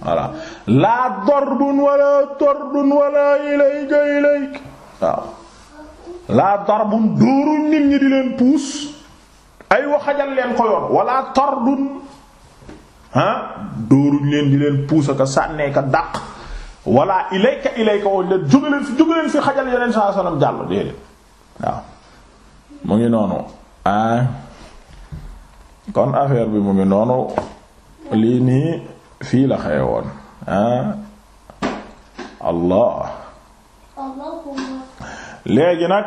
voilà laa darbun wala tordun wala ilayka ilayka waaw laa darbun dóoruñ nit ñi di leen puus ay waxajal leen ko yoon wala tordun ah dóoruñ leen di leen puus aka sànnee ka dàq wala ilayka ilayka woñ leen jóge leen fi jóge leen fi xajal yeneen saa sallam jàll déedéet waaw mu ngi noonu ah kon affaire bi mu ngi noonu lii nii fii la xewe woon ah? allah léegi nag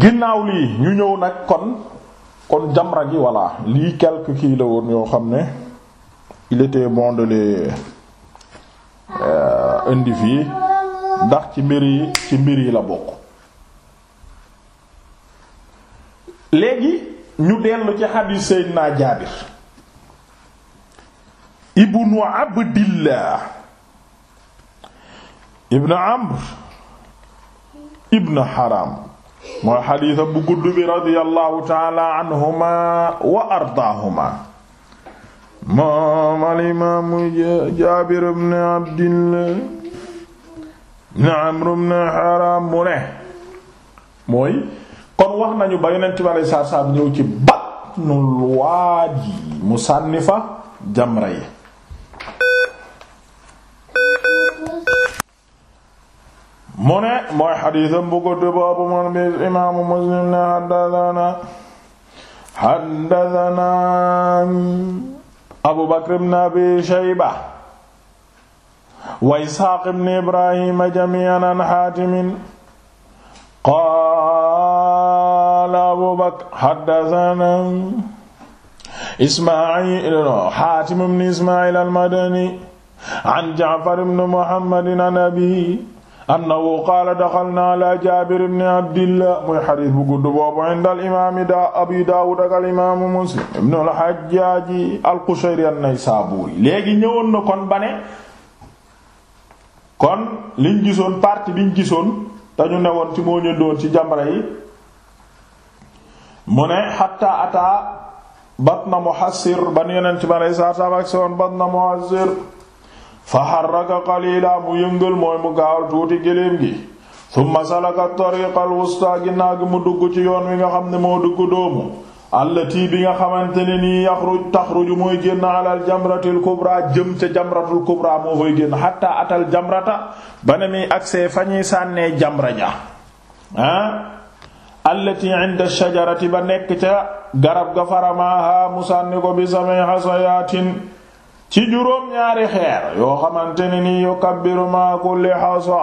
ginnaaw lii ñu ñëw nag kon kon jamra gi voilà lii quelque kii la woon yoo xam ne il était de les euh, indi fii ndax ci mbir yi ci mbir yi la bokk léegi ñu dellu ci xadiis Seydina Jaabir ibnu Abdillah ibnu Amr ibnu Haram mooy xadiisa bu gudd bi radiyallahu taala anhuma wa ardaahuma moom al imaamu Jaabir ibnu Abdillah ibnu Amr ibnu Haram mu ne mooy kon wax nañu ba yonent bi aleyhi salaatu salaam ñëw ci batnul waadi mu sànni fa jamra yi mu ne mooy xadiisam bu gudd boobu moom bi imaamu muslim ne xaddatana xaddatana abu bakr ibn abi shayba wa isxaaq ibn ibrahim jamii'an an xaatimin qaal qaala Abu Bakr haddathana Ismaïl Haatim ibn Ismaïl al-Madani an Ja'far ibn Muhammad an abiihi annahu Abdillah muy xadiis bu gudd boobu inda al ak al-imaam Muslim ibn al-Hajjaaj al-Qushayri an-Naysaabuuri léegi ñëwoon na kon ba kon liñ gisoon partie biñ gisoon dañu newoon ci moo ñu doon ci jàmbara yi mu ne xatta ataa batna muhassir ban yonent bi aleyhi salaatu salaam ak si woon batna muhassir fa xarraka qalila mu yëngal mooy mu gaawal tuuti géléem gi tumma salaka tariqal wusta ginnaaw gi mu dugg ci yoon wi nga xam ne moo dugg doomu allati bi nga xamante ne nii yaxruj taxruju mooy génn alal jamratil kubra jëm ca jamratul kubra moo fay génn xatta atal jamrata ba ne mi agsee fa ñuy sànnee jamra ja allati inda shajarati ba nekk ca garab ga faramaaha mu sànni ko bi samay hasayaatin ci juróom ñaari xeer yoo xamante ne nii yukabbiru ma kulli hasa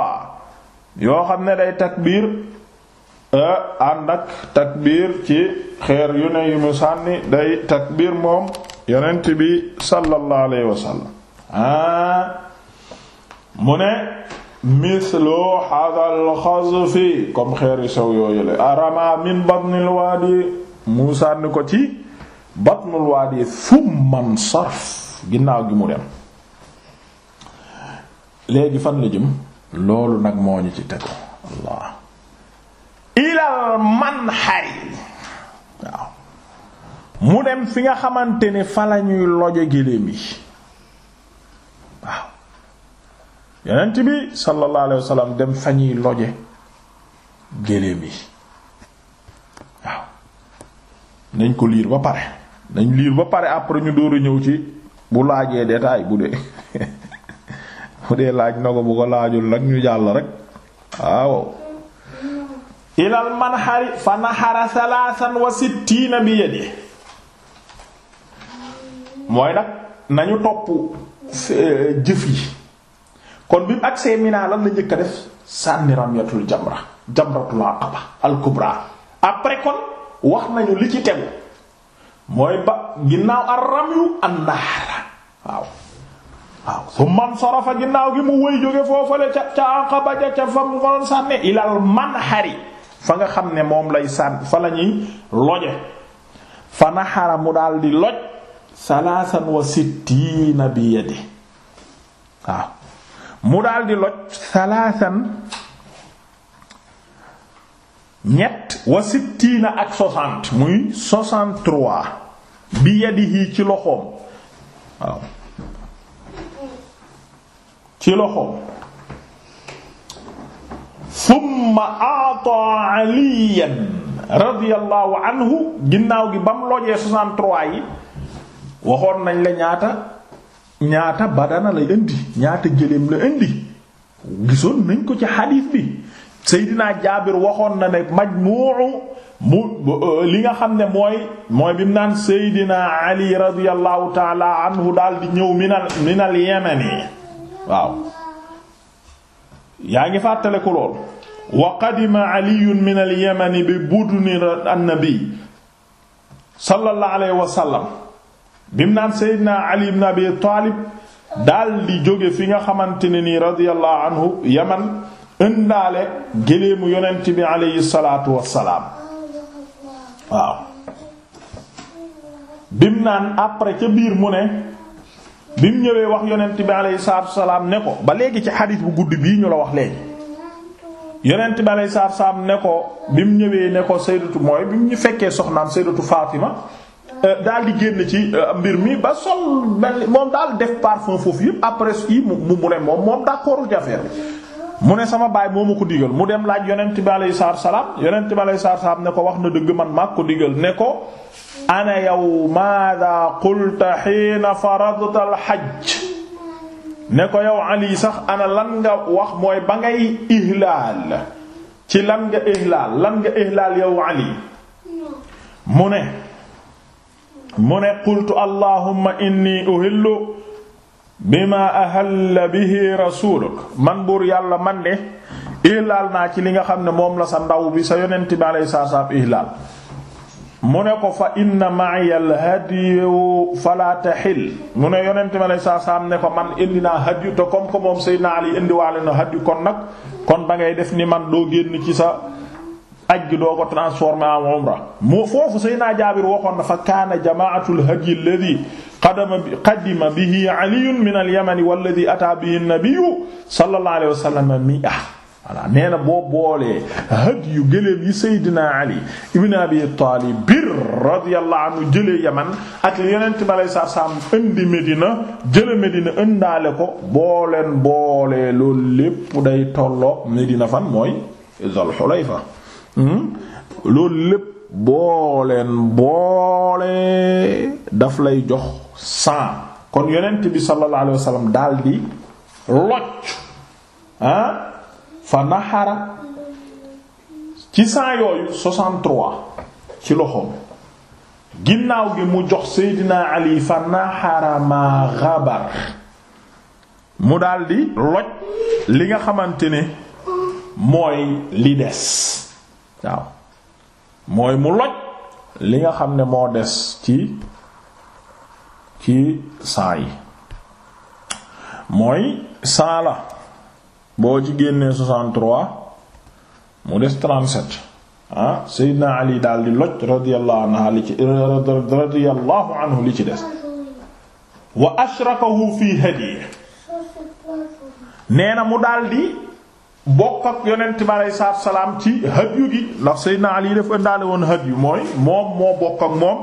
yoo xam ne day takbiir e, ànd ak takbiir ci xeer yu ne yu mu sànni day takbiir moom yonent bi sallallahu alayhi wa ah, mu ne mislu hadal xazfi comme xeeri sew yooyu la arama min batnil waadi mu sànni ko ci batnul waadi thumman sarf ginnaaw gi mu dem léegi fan la jëm loolu nag moo ñu ci tegu Allah ilal manhari waaw mu dem fi nga xamante ni fa lañuy loje géléem yi yonent bi sallallahu alayhi wasallam dem fa ñuy loje géléem yi waaw nañ ko liir ba pare nañ liir ba pare après ñu dóoru ñëw ci bu laajee détail bu dee bu dee laaj na ko bu ko laajul nag ñu jàll rek waaw ilal manxari fa naxara salaasan wa sittiina bi yadi mooy nag nañu topp eh, jëf yi kon bi mu agsee Mina lan la njëkk a def sànni ramyatul jamra jamratul aqaba al kubra après kon wax nañu li ci tegu mooy ba ginnaaw ar-ramyu an-nahar waaw waaw su man sorofa ginnaaw gi mu wëy jóge foofale ca ca aqaba ja ca fa mu ngoon sànne ilal manhari fa nga xam ne moom lay sànn fa la loje fa naxara mu daal di loj salaasan wa sittiina bi yadi waaw mu daldi di loj salaasan ñett wa sittiina ak soixante muy soixante-trois bi yadihi ci loxoom waaw ci loxoom summa ata aliyan radiyallahu anhu ginnaaw gi ba mu lojee soixante-trois yi waxoon nañ la ñaata ñaata badana lay indi ñaata gëléem la indi gisoon nañ ko ci xadiis bi Seydina Jaabir waxoon na ne majmu'u mu li nga xam ne mooy mooy bi mu naan Seydina Ali radiyallahu taala anhu daal di ñëw minal minal waaw yaa ngi fàttaleku lool wa qadima aliyun min al bi budni an nabi sallallahu alayhi wa bi mu naan Seydina Ali ibn Abi Taalib daal di jóge fi nga xamante ne nii radiyallahu anhu yaman ëndaale géléemu yonent bi aleyhi salaatu wassalaam waaw bi mu naan après ca biir mu ne bi mu ñëwee wax yonent bi aleyhi salaatu wassalaam ne ko ba léegi ci xadiis bu gudd bii ñu la wax léegi yonent bi aleyhi salaatu wassalaam ne ko bi mu ñëwee ne ko sayyidatu mooy bi mu ñu fekkee soxnaam sayyidatu Faatima Euh, daal di génn ci euh, mbir mi ba sol mel moom daal def parfum foofu yëpp après yi mu mu ne moom moom d'accord ci affaire mu ne sama baay moo ma ko digal mu dem laaj yonent bi alayhi salaam yonent bi alayhi salaam ne ko wax na dëgg man maa ko digal ne ko ana yow maada qulta hiina faradta al hajj ne ko yow ali sax ana lan nga wax mooy ba ngay ihlaal ci lan nga ihlaal lan nga ihlaal yow ali mu ne mu ne qultu allahumma inni uhillu bima ahalla bihi rasuluk man buur yàlla man de ihlaal naa ci li nga xam ne moom la sa ndaw bi sa yonent bi alayhi ihlaal mu ne ko fa inna ma'iya al-hadyu fala tahil mu ne yonent bi alayhi ne ko man indi naa hadyu te comme que moom Seydina indiwaale na hadyu kon nag kon da ngay def ni man doo génn ci sa aj gi doo ko transformé en umra moo foofu Seydina Jaabir waxoon na fa kaana jamaatul hadyi alladhi qadama qadima bihi Ali min al-Yaman walladhi ataa bihi an-nabiy sallallahu alayhi wa sallam mi'a voilà nee na boo boolee hadyu gëléem yi Seydina Ali ibn Abi Talib radiyallahu anhu jëlee Yaman ak yonent bi alay saa saam indi Medina jële Medina indaale ko booleen boolee loolu lépp day tolloog Medina fan mooy Zul Hulayfa Hmm? loolu lépp boo leen boole daf lay jox cent kon yonent bi sallallahu alayhi wa daldi locc ah, fa naxara ci cent yooyu soixante-trois ci loxoom ginnaaw gi mu jox Seydina Ali fa naxara xabar mu daldi loj li nga xamante ne mooy li des waaw mooy mu loj li nga xam ne moo des ci ci saa yi mooy saa la boo ci génnee 63 mu des 37 ah Seydina Ali daal di loj radiyallahu anhu li ci des wa ashrakahu fi hadiyi nee na mu daldi bokk ak yonent bi aleyhi salaam ci hadyu gi ndax Seydina Ali dafa ëndaale woon hadyu mooy moom moo bokk ak moom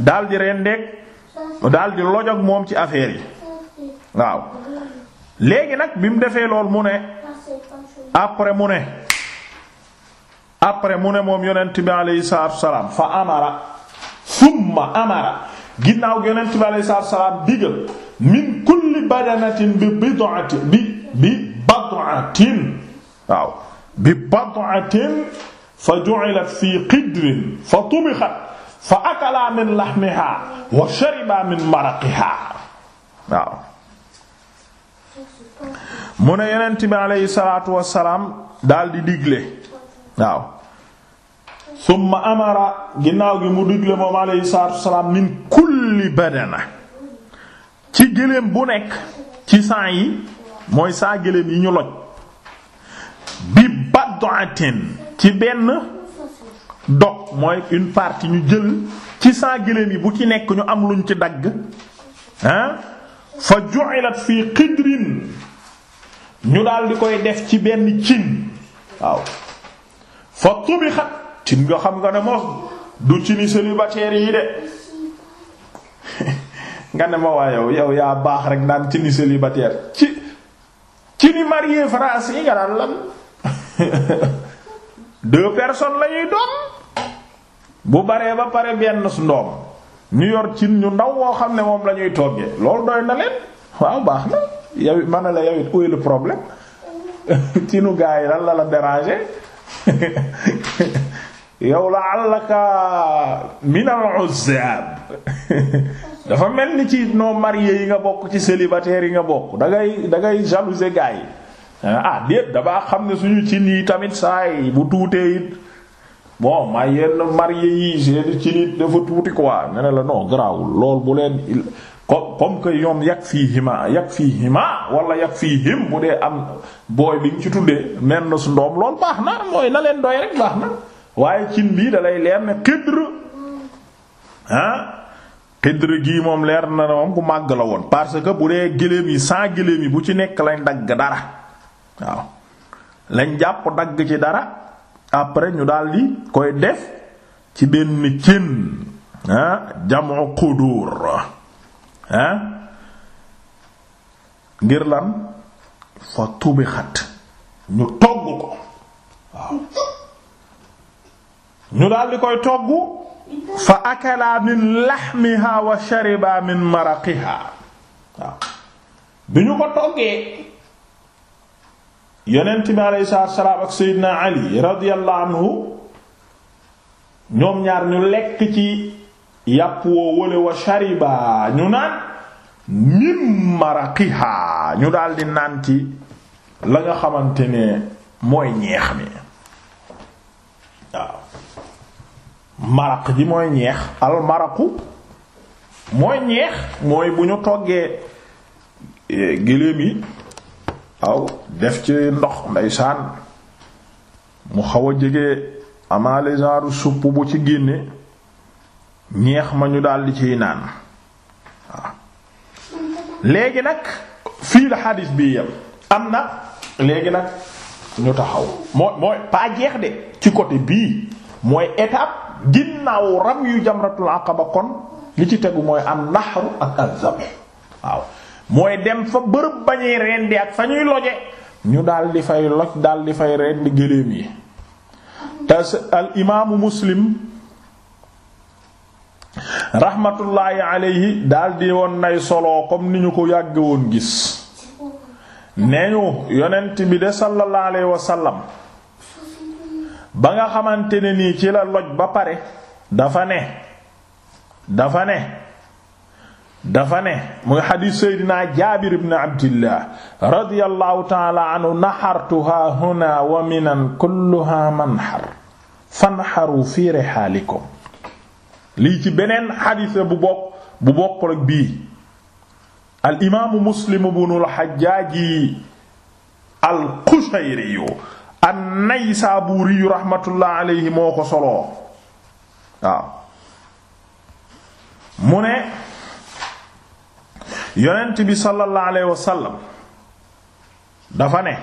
daal di rendeeg daal moom ci affaire yi waaw léegi nag bi mu defee lool mu ne après mu ne après mu ne moom yonent bi aleyhi salaam fa amara summa amara ginnaaw yonent bi aleyhi salaam digal min kulli badanatin bi bi bi waaw bi bad'atin fa ju'ilat fi qidrin fa tubixat fa akala min lahmiha waaw mu ne yonent bi aleyhi salaatu wassalaam daal di digle waaw summa amara ginnaaw gi mu digle moom aleyhi salaatu wassalaam min kulli badana ci gëléem bu nekk ci saa yi mooy saa gëléem yi ñu loj bi bad'atin ci benn dog mooy une partie ñu jël ci saa gëléem yi bu ci nekk ñu am ñu ci dagg ah fa ju'ilat fii qidrin ñu daal di koy def ci benn cin waaw fa tubixat cin nga xam nga ne moos du cini célibataire yi de nga ne ma waa yow yaa baax rek naan cini célibataire ci cini marié France yi nga daan lan deux personnes la ñuy bu baree ba pare benn su ndoom ñu yor cin ñu ndaw woo xam ne moom lañuy ñuy toggee loolu doy na leen waaw baax na yow it la yow it problème cinu gaa yi lan la la déranger yow la àllaka minal uzzab dafa mel ni ci noo marié yi nga bokk ci célibataire yi nga bokk da ngay da ngay jalouser yi. ah déet daba xam ne suñu cin yi tamit saay bu tuutee it bon maa yenn marié yi seen cin it dafa tuuti quoi ne ne la non garaawul lool bu leen comme comme que ñoom yàq fii hima yàq fii hima wala yàq fii him bu dee am booy bi ñu ci tuddee nen na su ndoom lool baax na mooy na leen doy rek baax na waaye cin bii dalay leer ne xidr ah xidr gii moom leer na moom bu màgg la woon parce que bu dee gëléem yi saa gëléem yi bu ci nekk lañ dagg dara waaw lañ jàpp dagg ci dara après ñu daldi koy def ci benn cin ah jamu qudur ah ngir lan fa tubixat ñu togg ko waaw ñu daldi koy togg fa akala min laxmiha wa shariba min maraqiha waaw bi ñu ko toggee yonent bi aleyhi salaatu salaam ak Seydina Ali radiyallahu anhu ñoom ñaar ñu lekk ci yàpp woo wële wa shariba ñu naan mim maraqiha ñu daldi naan ci la nga xamante ne mooy ñeex mi waaw maraq ji mooy ñeex al mooy ñeex mooy bu ñu toggee eh, géléem yi aw def ci ndox ndeysaan mu xaw a jege amaale genre supp bu ci génne ñeex ma ñu daal daldi ciy naan waaw léegi nag fii la xadis bi yam am na léegi nag ñu taxaw mooy mooy pas jeex de ci côté bii mooy étape ginnaaw ram yu jamratul aqaba kon li ci tegu mooy am naxaru ak azab waaw mooy dem fa bërëb bañuy rendi ak fa ñuy loje ñu daldi fay loj daldi fay rendi gëléem yi te al imaamu muslim rahmatullahi alayhi daal woon nay solo comme ni ñu ko yàgg woon gis nee ñu yonent bi de sallallahu wa sallam ba nga xamante ne nii ci la loj ba pare dafa ne dafa ne dafa ne muy xadiis seydina jaabir ibn abdillah radiyallahu taala anhu naxartuha huna wa minan kulluha manxar fanxaru fi rihaalikum lii ci beneen xadiis bu bokk bu bokk rek bii al imaamu muslim ibnul xajjaaji al qushayriyu an naysaabuuriyu raxmatullah alayhi moo ko soloo waaw mu ne yonent bi sallallahu alayhi wa sallam dafa ne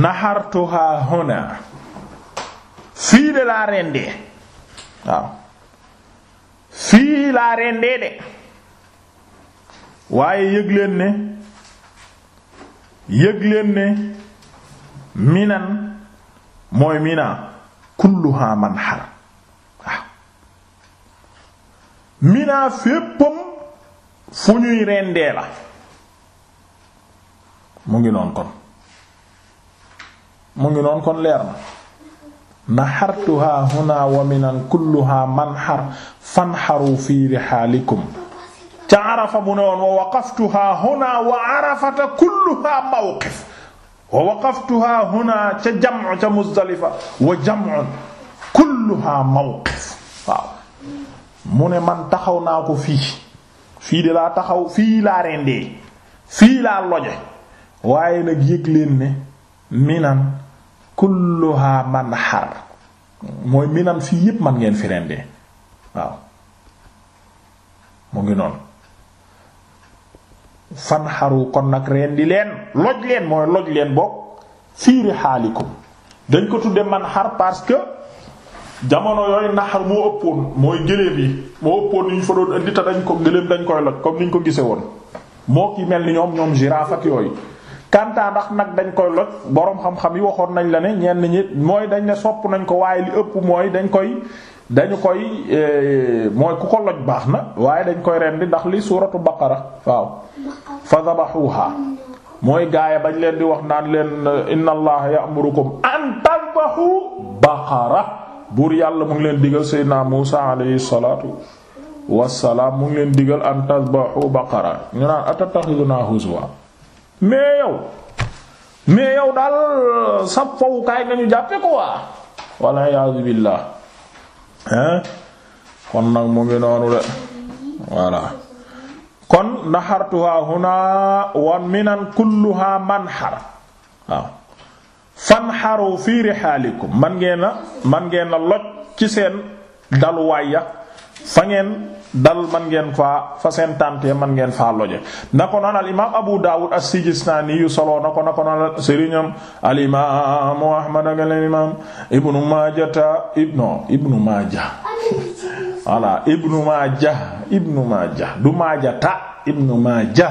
naxartuha huna fii de laa rendee waaw fii laa rendee de waaye yëg ne yëg ne minan mooy mina kulluha man xar waaw mina fu ñuy rendee la mu ngi noon kon mu ngi noon kon leer na naxartuha huna wa minan kulluha manxar fanxaru fi rixaalikum ca arafa mu ne woon wa waqaftuha huna wa arafata kulluha mawqif huna ca jamcu ca muzdalifa wa jamcun kulluha mu ne man taxaw naa ko fii fii de laa taxaw fii laa rendee fii laa loje waaye nag yëg leen ne minan kulluha man xar mooy minan fii yépp man ngeen fi rendee waaw mu ngi noonu fan xaru kon nag rendi leen loj leen mooy loj leen bokk fiiri xaalikum dañ ko tudde man xar parce que jamono yooyu naxar moo ëppoon mooy gëléem yi moo ëppoon yi ñu fa doon indi te dañ ko gëléem dañ koy loj comme ni ñu ko gisee woon moo ki mel ni ñoom ñoom girafe ak yooyu kanta ndax nag dañ koy loj boroom xam-xam yi waxoon nañ la ne ñenn ñi mooy dañ ne sopp nañ ko waaye li ëpp mooy dañ koy dañu koy e, mooy ku ko loj baax na waaye dañ koy rendi ndax li suuratu baqara waaw fa dabahuha mooy gaaya bañ leen di wax naan leen inna allaha ya'murukum an tadbahu baqara buur yàlla mu ngi leen digal seydina Muusa alayhi salaatu wassalaam mu ngi leen digal an tasbahu baqara ñu naan atataxiduna huzwa mais yow mais yow daal sa fowukaay ñu jàppe ko iyaazu billaah hein kon nag mu ngi de voilà kon naxartuha huna wan minan kulluha manxar waaw fanxaru fi rihaalikum man ngeen man ngeen a ci seen daluwaay ya fa ngeen dal man ngeen faa fa seen tàntee man ngeen faa loje na ko noon al imaam abu daawud as-sijistani yu soloo na ko noon al imaamu al imaam ibnu maajata ibnu ibnu maaja walla ibnu maaja ibnu maaja du maajata ibnu maaja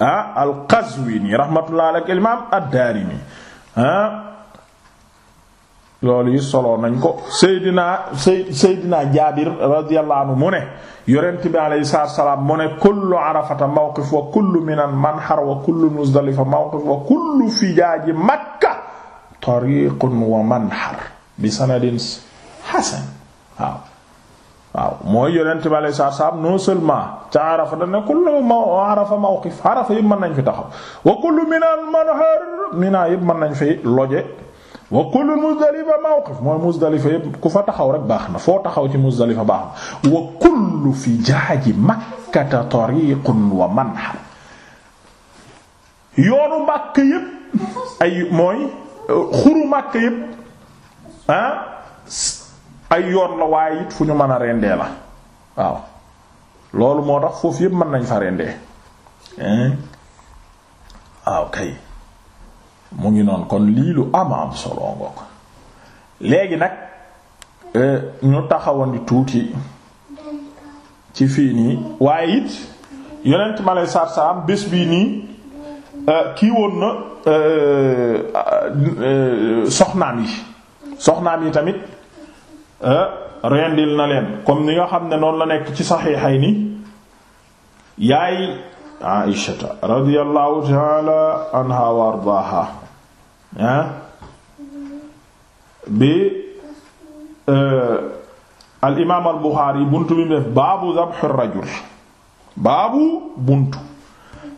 ah al qazwini al imaam ad Ah. loolu yi soloo nañ ko seydinaa seydinaa jaabir radiyallahu anhu mu ne yonent bi alayhi salaam mu ne kullu arafata mawqif wa kullu minan manhar wa kullu muzdalifa mawqif wa kullu fijaaji makka tariqun wa manhar bi sanadin hasan waaw waaw mooy yonent bi alayhi salaatu salaam non seulement ca Arafa dana kullu ma Arafa mawqif Arafa yëpp mën nañ fi taxaw wa kullu mina al-manhar mina yëpp mën nañ fi loje wa kullu Muzdalifa mawqif mooy Muzdalifa yëpp ku fa taxaw rek baax na foo taxaw ci Muzdalifa baax na wa kullu fi jaaji Makkata tariqun wa manhar yoonu Makka yëpp ay mooy xuru Makka yëpp ah ay yoon la waaye it fu ñu mën a rendee la waaw loolu moo tax foofu yépp mën nañ fa rendee waaw kay mu ngi noonu kon lii lu ama am solo ngoog léegi nag euh, ñu taxawandi tuuti ci fii nii waaye it yonent ma lay sar saam bés bii nii euh, kii woon na euh, soxnaam yi soxnaam yi tamit Euh, rendil na leen comme ni nga xam ne noonu la nekk ci saxiixay ni yaay Aïshata radiyallahu taala anha wa ardaaha bi euh, al imaam al Buxaari buntu bi mu def baabu zabxi rajul baabu buntu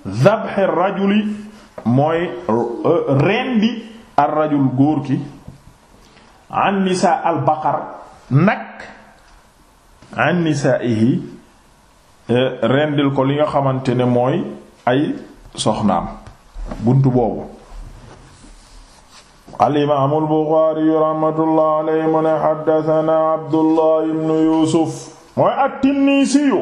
zabxi rajuli mooy euh, rendi ar rajul góor ki an nisaa al baqar nag an nisaihi eh, rendil ko li nga xamante ne mooy ay soxnaam buntu boobu alimamu albuxaariyu rahmatullah alayhi mu ne xaddatanaa abdullah ibnu yusuf mooy at-Tinnisiyu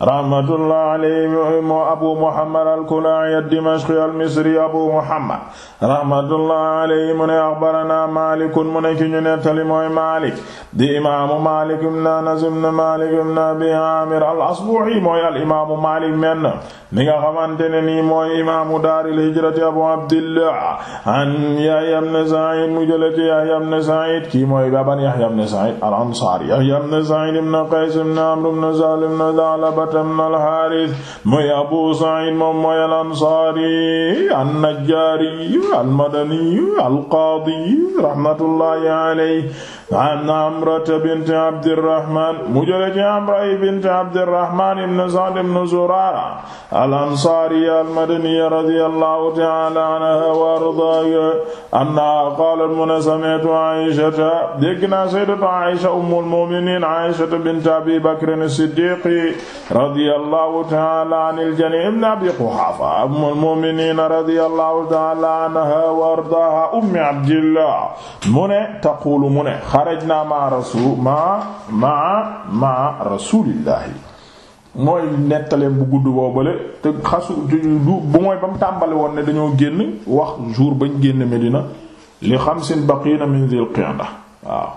rahmatullah alayhi abu muhammad al-Kuna'i ad-Dimashqi al-Misri abu muhammad rahmatullah alayhi mu ne axbarana malikun mu ne ki ñu nettali mooy malik di imaamu malik ibn anas ibn malik ibn abi amir al asbuhi mooy al imaamu malik menn mi nga xamante ne nii mooy imaamu daaril hijrati abu abdillah an yahya ibn sa'id mu jële ci yahya ibn sa'id kii mooy baban yahya ibn sa'id al ansari yahya ibn sa'id ibn qays ibn amr ibn sahl ibn da'laba ibn al harith mooy abu sa'id moom mooy al ansari an najjari al madani al qaadi rahmatullahi alayhi an amrata bint abdirahman mu jële ci amra bint abdirahman ibn sa'd ibn zurara al ansaariya al madaniya radiyallahu ta'ala anha wa ardaaha annaha qaalat mu ne sami'tu aishata dégg naa sayyidatu aisha ummul mu'minin aishata bint abi bakr as-siddiq radiyallahu ta'ala anil jami' ibn abi quhafa ummul mu'minin radiyallahu ta'ala anha wa ardaaha ummi abdillah mu ne taqulu mu ne xarajna ma rasul ma ma ma rasulillahi mooy nettaleen bu gudd boobale te xasu bu mooy ba mu tàmbali woon ne dañoo génn wax jour bañ génn Medina li xamsin baqiina min Dhul Qa'da waaw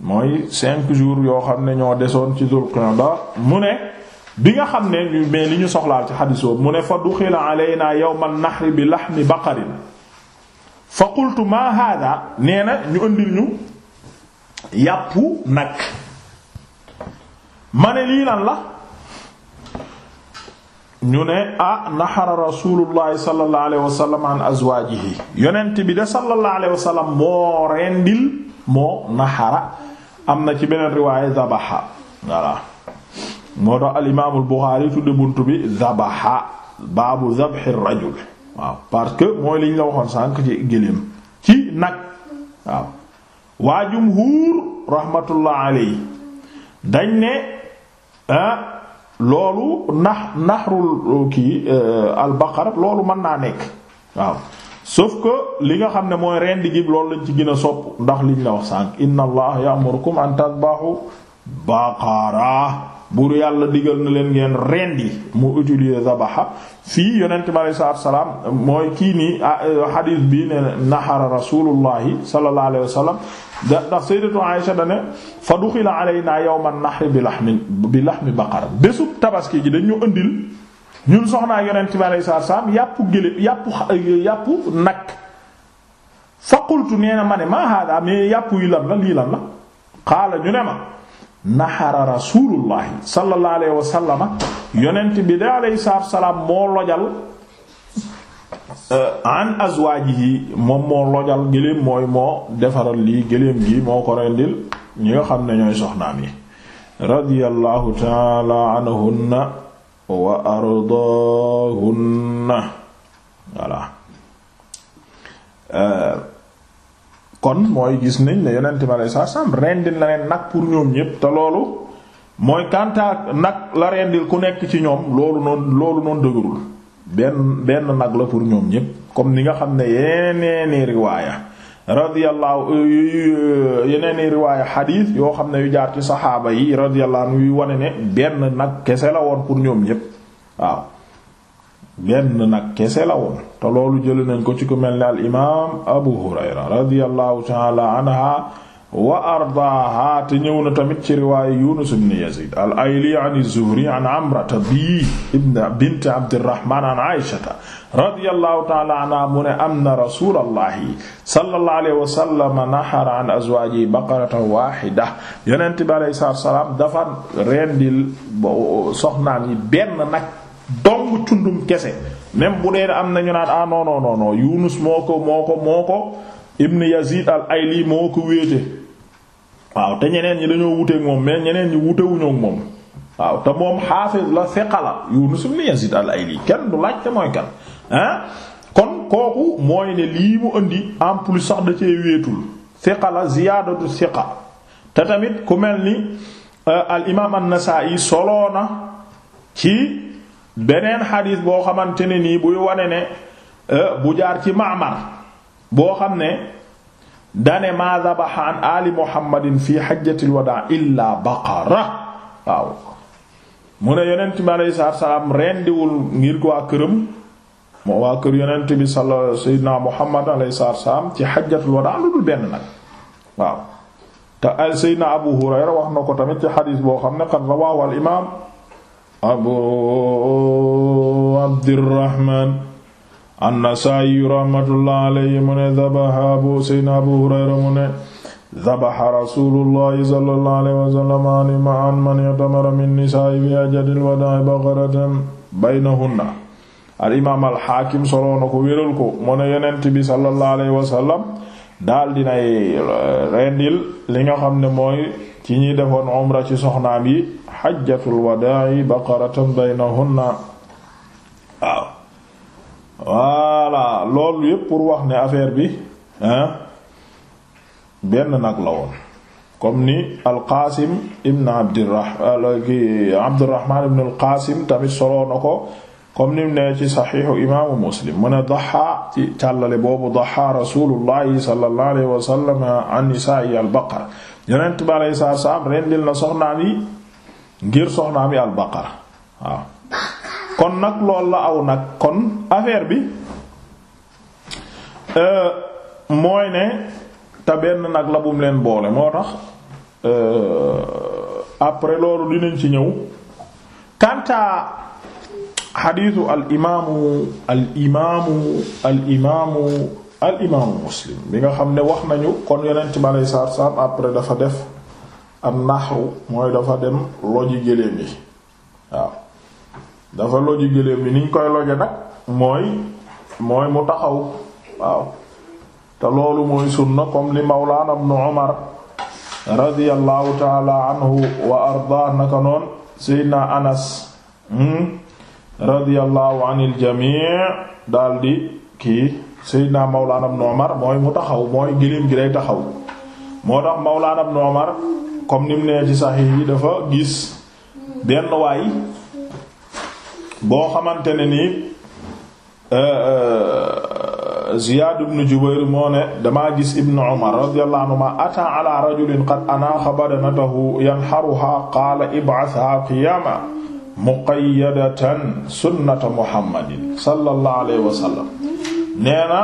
mooy cinq jours yoo xam ne ñoo desoon ci Dhul Qa'da mu ne bi nga xam ne mais li ñu soxlaal ci xadis boobu mu ne fa duxila alayna yawma nahri bi lahmi baqarin fa qultu ma hada nee na ñu ëndil ñu yàppu nag ma ne lii lan la ñu ne ah naxara rasulullahi sallallahu alayhi wa sallam an azwaajihi yonent bi de sallallahu alayhi wa sallam moo rendil moo naxara am na ci beneen riwaaya zabaxa voilà moo tax al imaamul Buxaari tudde buntu bi zabaxa baabu zabxi rajul waaw parce que mooy li la waxoon sànq ci gëléem ci nag waaw waa jumhuur rahmatullah aley dañ ne ah, loolu nax naxrul kii eh, albaqara loolu mën naa nekk waaw sauf que li nga xam ne mooy rendi gi loolu lañ ci gën a sopp ndax liñ la wax sànq inna allah ya'murukum an tadbahu baqara buur yàlla digal na leen ngeen rendi mu utiliser zabaxa fii yonent bi aleyhi salaatu wa salaam mooy kii nii hadith ah, bi ne nahara rasulullahi sallallahu alayhi wa sallam da ndax sayyidatu Aisha da ne fa duxila alaynaa yawman nahri bi lahmi bi lahmi bésu tabaski ji dañu andil ñun soxnaa yonent bi aleyhi salaatu wa salaam yàppu gélé yàppu yàppu fa qultu nee ma ne ma hada mais yàppu yi lan la lii lan la qaala ñu ne ma naxara rasulullahi sallallahu alayhi wa sallama yonent salaam moo lojal euh, an azwaajihi moom moo lojal gëléem mooy moo defaral lii gëléem gi moo ko rendil ñi xam ne ñooy soxnaam yi radiyallahu taala anhunna wa ardaahunna voilà euh, kon mooy gis nañ ne yonent bi aleyhi salaatu salaam rendil na leen nag pour ñoom ñépp te loolu mooy kantaa nag la rendil ku nekk ci ñoom loolu noonu loolu noonu dëgërul benn benn nag la pour ñoom ñépp comme ni nga xam ne yeneeni riwaaya radiyallahu yeneeni riwaaya xadiis yoo xam ne yu jaar ci saxaaba yi radiyallahu yu wane ne benn nag kese la woon pour ñoom ñépp waaw benn nag kese la woon te loolu jëli nañ ko ci ku mel ne al imaam Abu Hurayra radiyallahu ta'ala anha wa ardaaha te ñëw na tamit ci riwaayu Yunus ibn Yazid al Ayli an az-Zuhri an Amrata bi ibn bint Abdirrahman an Aysata radiyallahu ta'ala anha mu ne anna rasulallahi sallallahu alayhi wa sallam nahara an azwaaji baqaratan salaam dafa rendil soxnaam yi benn nag dong cundum kese même bu dee am na ñu naan ah non Yunus moo ko moo ko moo ko Ibn Yazid al-Ayli moo ko wéete waaw te ñeneen ñi dañoo wuteek moom mais ñeneen ñi wutewuñu ak moom waaw te moom xaafiz la feqala Yunus ibn Yazid al-Ayli kenn du laaj te mooy kan ah kon kooku mooy ne lii mu indi en plus sax da cee wéetul feqala ziyaadatu siqa te tamit ku mel ni euh, al imaam an-Nasaa'i solo na ci. beneen xadis boo xamante ne nii buy wane ne euh, bu jaar ci Ma'mar boo xam ne dane ma dabaxa an ali muhammadin fi xajjatil wadaa illa baqara waaw mu ne yonent bi alayhi rendiwul ngir waa këram moo waa kër yonent bi sala sayyidina muhammad alayhi salaam ci xajjatul wadaa lu dul benn nag waaw te al sayyidina abu hurayra wax na ko tamit ci xadis boo xam ne qad rawaahu al abu abdirahman annasaayi rahmatullah alayhi mu ne dabaxa abu seydna abu hurayra mu ne dabaxa rasulullahi sallallahu alayhi wasallam an man yatamara min nisaayi bi ajadil al imaam al xaakim soloo na ko wéral ko mu ne yonent wasallam daal dinay rendil li nga ne mooy ci ñi defoon umra ci soxnaam yi xajjatul wadaa'i baqaratan baynahunna waaw voilà loolu yépp pour wax ne affaire bi hein benn nag la woon comme ni alqaasim ibn abdirahman ki abdirahman ibn alqaasim tamit solo ko comme nim ne ci saxiixu imaamu muslim mu ne daxa ci càllale boobu daxa rasulullahi sallallahu alayhi wa sallam an nisaa'i al baqara yonent bi alayhi salaatu salaam rendil na soxnaam yi ngir soxnaam bi al baqara kon nag loolu la aw nag kon affaire bi euh, mooy ne te benn nag la bum leen boole moo tax euh, après loolu dinañ ci ñëw kanta xadiisu al imaamu al imaamu al imaamu muslim bi nga xam ne wax nañu kon ci ma aleyhi salaatu salaam après dafa def am naxru mooy dafa dem loji gëléem yi waaw dafa loji gëléem yi niñ koy loje nag mooy mooy mu taxaw waaw te loolu mooy sunna comme li mawlaana ibnu Umar radiyallahu taala wa ardaa naka noon seydna Anas hmm radiyallahu anil jamii daldi kii Seydina Mawlana Ibn Umar mooy mu taxaw mooy gilim gi taxaw moo tax Mawlana Ibn Umar comme ni mu ci saxiix yi dafa gis benn waay boo xamante ne nii euh, euh, Ziyaad ibn Jubayr moo ne damaa gis Ibn Umar radiyallahu anhuma ata ala rajulin qad anaaxa badanatahu yanharuha qaala ib'atha qiyaama muqayyadatan sunnata muhammadin sallallahu alayhi wa nee na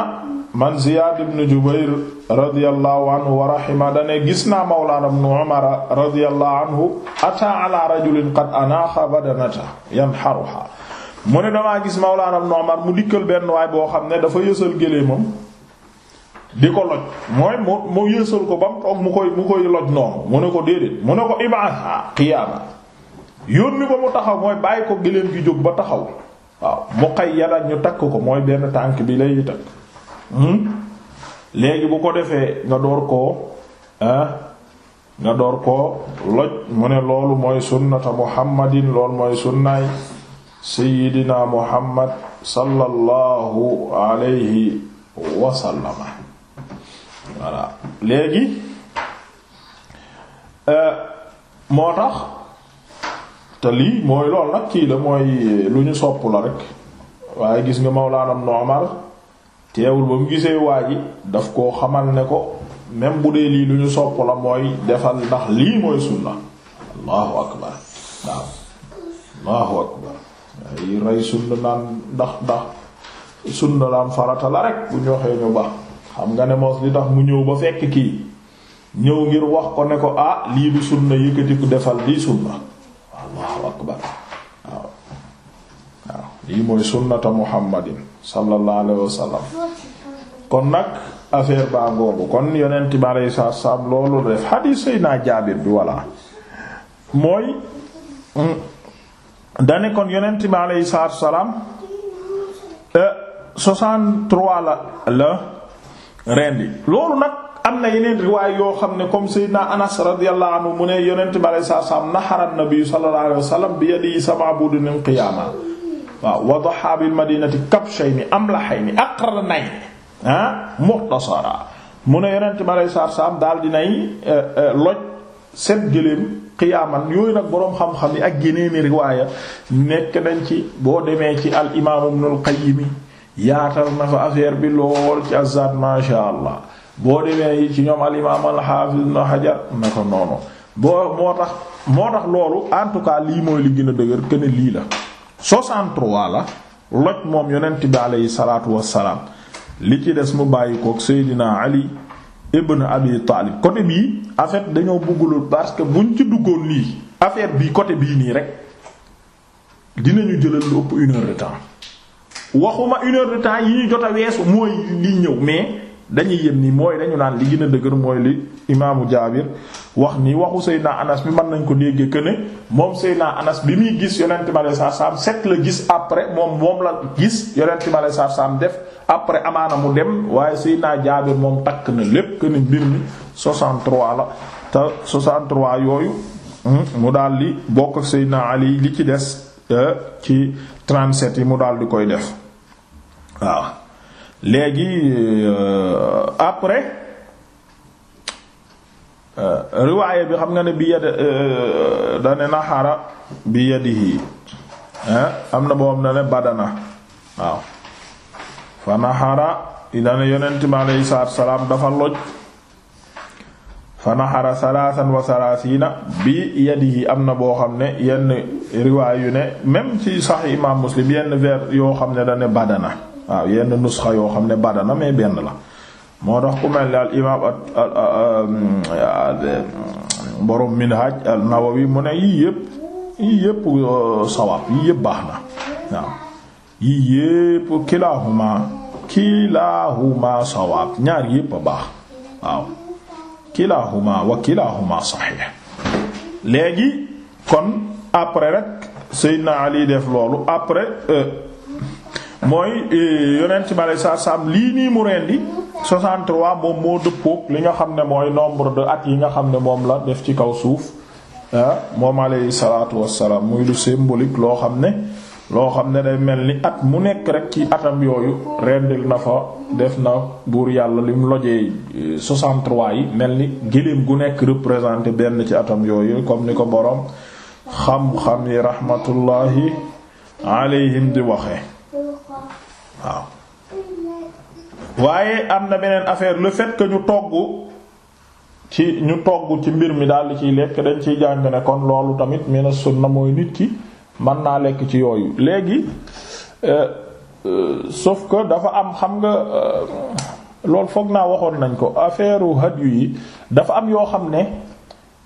man Ziyaad ibn Jubayr radiyallahu anhu wa rahima gis naa mawlaana ibn Umar radiyallahu anhu ataa ala rajulin qad anaaxa badanata yanharuha mu ne damaa gis mawlaana ibn Umar mu dikkal benn waay boo xam ne dafa yësal géléemam di ko loj mooy mu mu yësal ko ba toog mu koy mu koy loj noonu mu ne ko déedéet mu ne ko ibaha qiyaama yónni ko mu taxaw mooy bàyyi ko gëléem gi jóg ba taxaw waaw mu muqayyadan ñu takk ko mooy benn tànk bi lay takk hmm? léegi bu ko defee nga door koo ah, nga door ko loj mu ne loolu mooy sunnata muhammadin loolu mooy sunnaay sayyidina muhammad sallallahu alayhi wasallama voilà léegi euh, moo tax te lii mooy lool nag kii la mooy lu ñu sopp la rek waaye gis nga mawlaanam normal teewul ba mu gisee waa ji daf koo xamal ne ko même bu dee lii lu ñu sopp la mooy defal ndax lii mooy sunna allahu akbar waaw allahu naan ndax ndax sunna naan farata la rek bu ñu waxee ñu baax xam nga ne moos li tax mu ñëw ba fekk kii ñëw ngir wax ko ne ko ah lii du sunna yëkkati ku defal lii sunna akbar waaw waaw lii mooy sunnata muhammadin sallallahu alayhi wa kon nag affaire baa ngoogu kon yonent bi alayhi salaam loolu def xadiis Seydina Jaabir bi walla mooy mm, dane kon yonent bi alayhi salaam 63 eh, la la rendi loolu nag am na yeneen riwaay yoo xam ne comme Seydina Anas radiyallahu anhu mu ne yonent bi alayhi salaam nahara an-nabi sallallahu alayhi wa sallam bi yadihi sab'a budun qiyaama waaw wa dahaa bil madinati kabshayni amlahayni aqranayni ah mukhtasara mu ne yonent bi alayhi salaam daal dinay eh, eh, loj set gëléem qiyaaman yooyu nag boroom xam-xam yi ak yeneeni riwaaya nekk nañ ci boo demee ci al imaam ibnul qayyim yaatal na fa affaire bi lool ci azad ma sha Allah boo demee yi ci ñoom al imaam na xajar na ko noonu boo moo tax moo tax loolu en tout cas lii mooy li gën a dëgër këne lii la 63 la loj moom yonent bi aleyhi salaatu wassalaam li ci des mu bàyyi kook Seydina Ali ibn Abi Taalib côté bii en fait dañoo bëggul parce que buñ ci duggoon lii affaire bi côté bii nii rek dinañu jëlal lu ëpp une heure temps waxuma une heure temps yi ñu jot a weesu mooy li ñëw mais dañuy yem ni mooy dañu naan li gën a dëgër mooy li imaamu jaabir wax ni waxu Seydina Anas bi mën nañ ko dégg que moom Seydina Anas bi muy gis yonent bi aleyhi salaatu salaam set la gis après moom moom la gis yonent bi aleyhi salaatu salaam def après amaana mu dem waaye Seydina jaabir moom takk na lépp que ne mbir mi 63 la te 63 yooyu hmm, mu daal di bokk ak Seydina Ali li ci des euh, ci 37 yi mu daal di koy def waaw. léegi euh, après euh, riwaaye bi xam nga ne bi yade euh, dane naxara bi yadihi am na boo xam ne badana waaw fa naxara dane yonent mi alayhi salaatu salaam dafa loj fa naxara salaasan wa salaasiina bi yadihi am na boo xam ne yenn riwaay yu ne même ci sax imaam muslim yenn vers yoo xam ne dane badana waaw yenn nusxa yoo xam ne badana mais benn la moo tax ku mel ne al imaam mm, mm, borom minhaj al nawawi mu ne yii yëpp yii yëpp uh, sawaab yii yëpp baax na waaw yii yëpp kilaahuma kilaahuma sawaab ñaar yëpp a baax waaw kilaahuma wa kilaahuma saxiix léegi kon après rek Seydina Ali def loolu après euh, mooy eh, yonent bi alayhi salaatu salaam lii nii mu rendi 63 moom moo dëppook li nga xam ne mooy nombre de at yi nga xam ne moom la def ci kaw suuf moom alayhi salaatu wassalaam muy lu symbolique loo xam ne loo xam ne day mel ni at mu nekk rek ci atam yooyu rendil na fa def na buur yàlla li mu lojee 63 eh, yi mel ni gëléem gu nekk représenté benn ci atam yooyu comme ni ko boroom xam-xam yi rahmatullahi alayhim di waxe waaw waaye am na beneen affaire le fait ñu togg ci ñu togg ci mbir mi daal di ciy lekk dañ ciy jàng ne kon loolu tamit mina na mooy nit ki mën naa lekk ci yooyu léegi euh, euh, sauf que dafa am xam nga euh, loolu foog naa waxoon nañ ko affaire hadyu yi dafa am yoo xam ne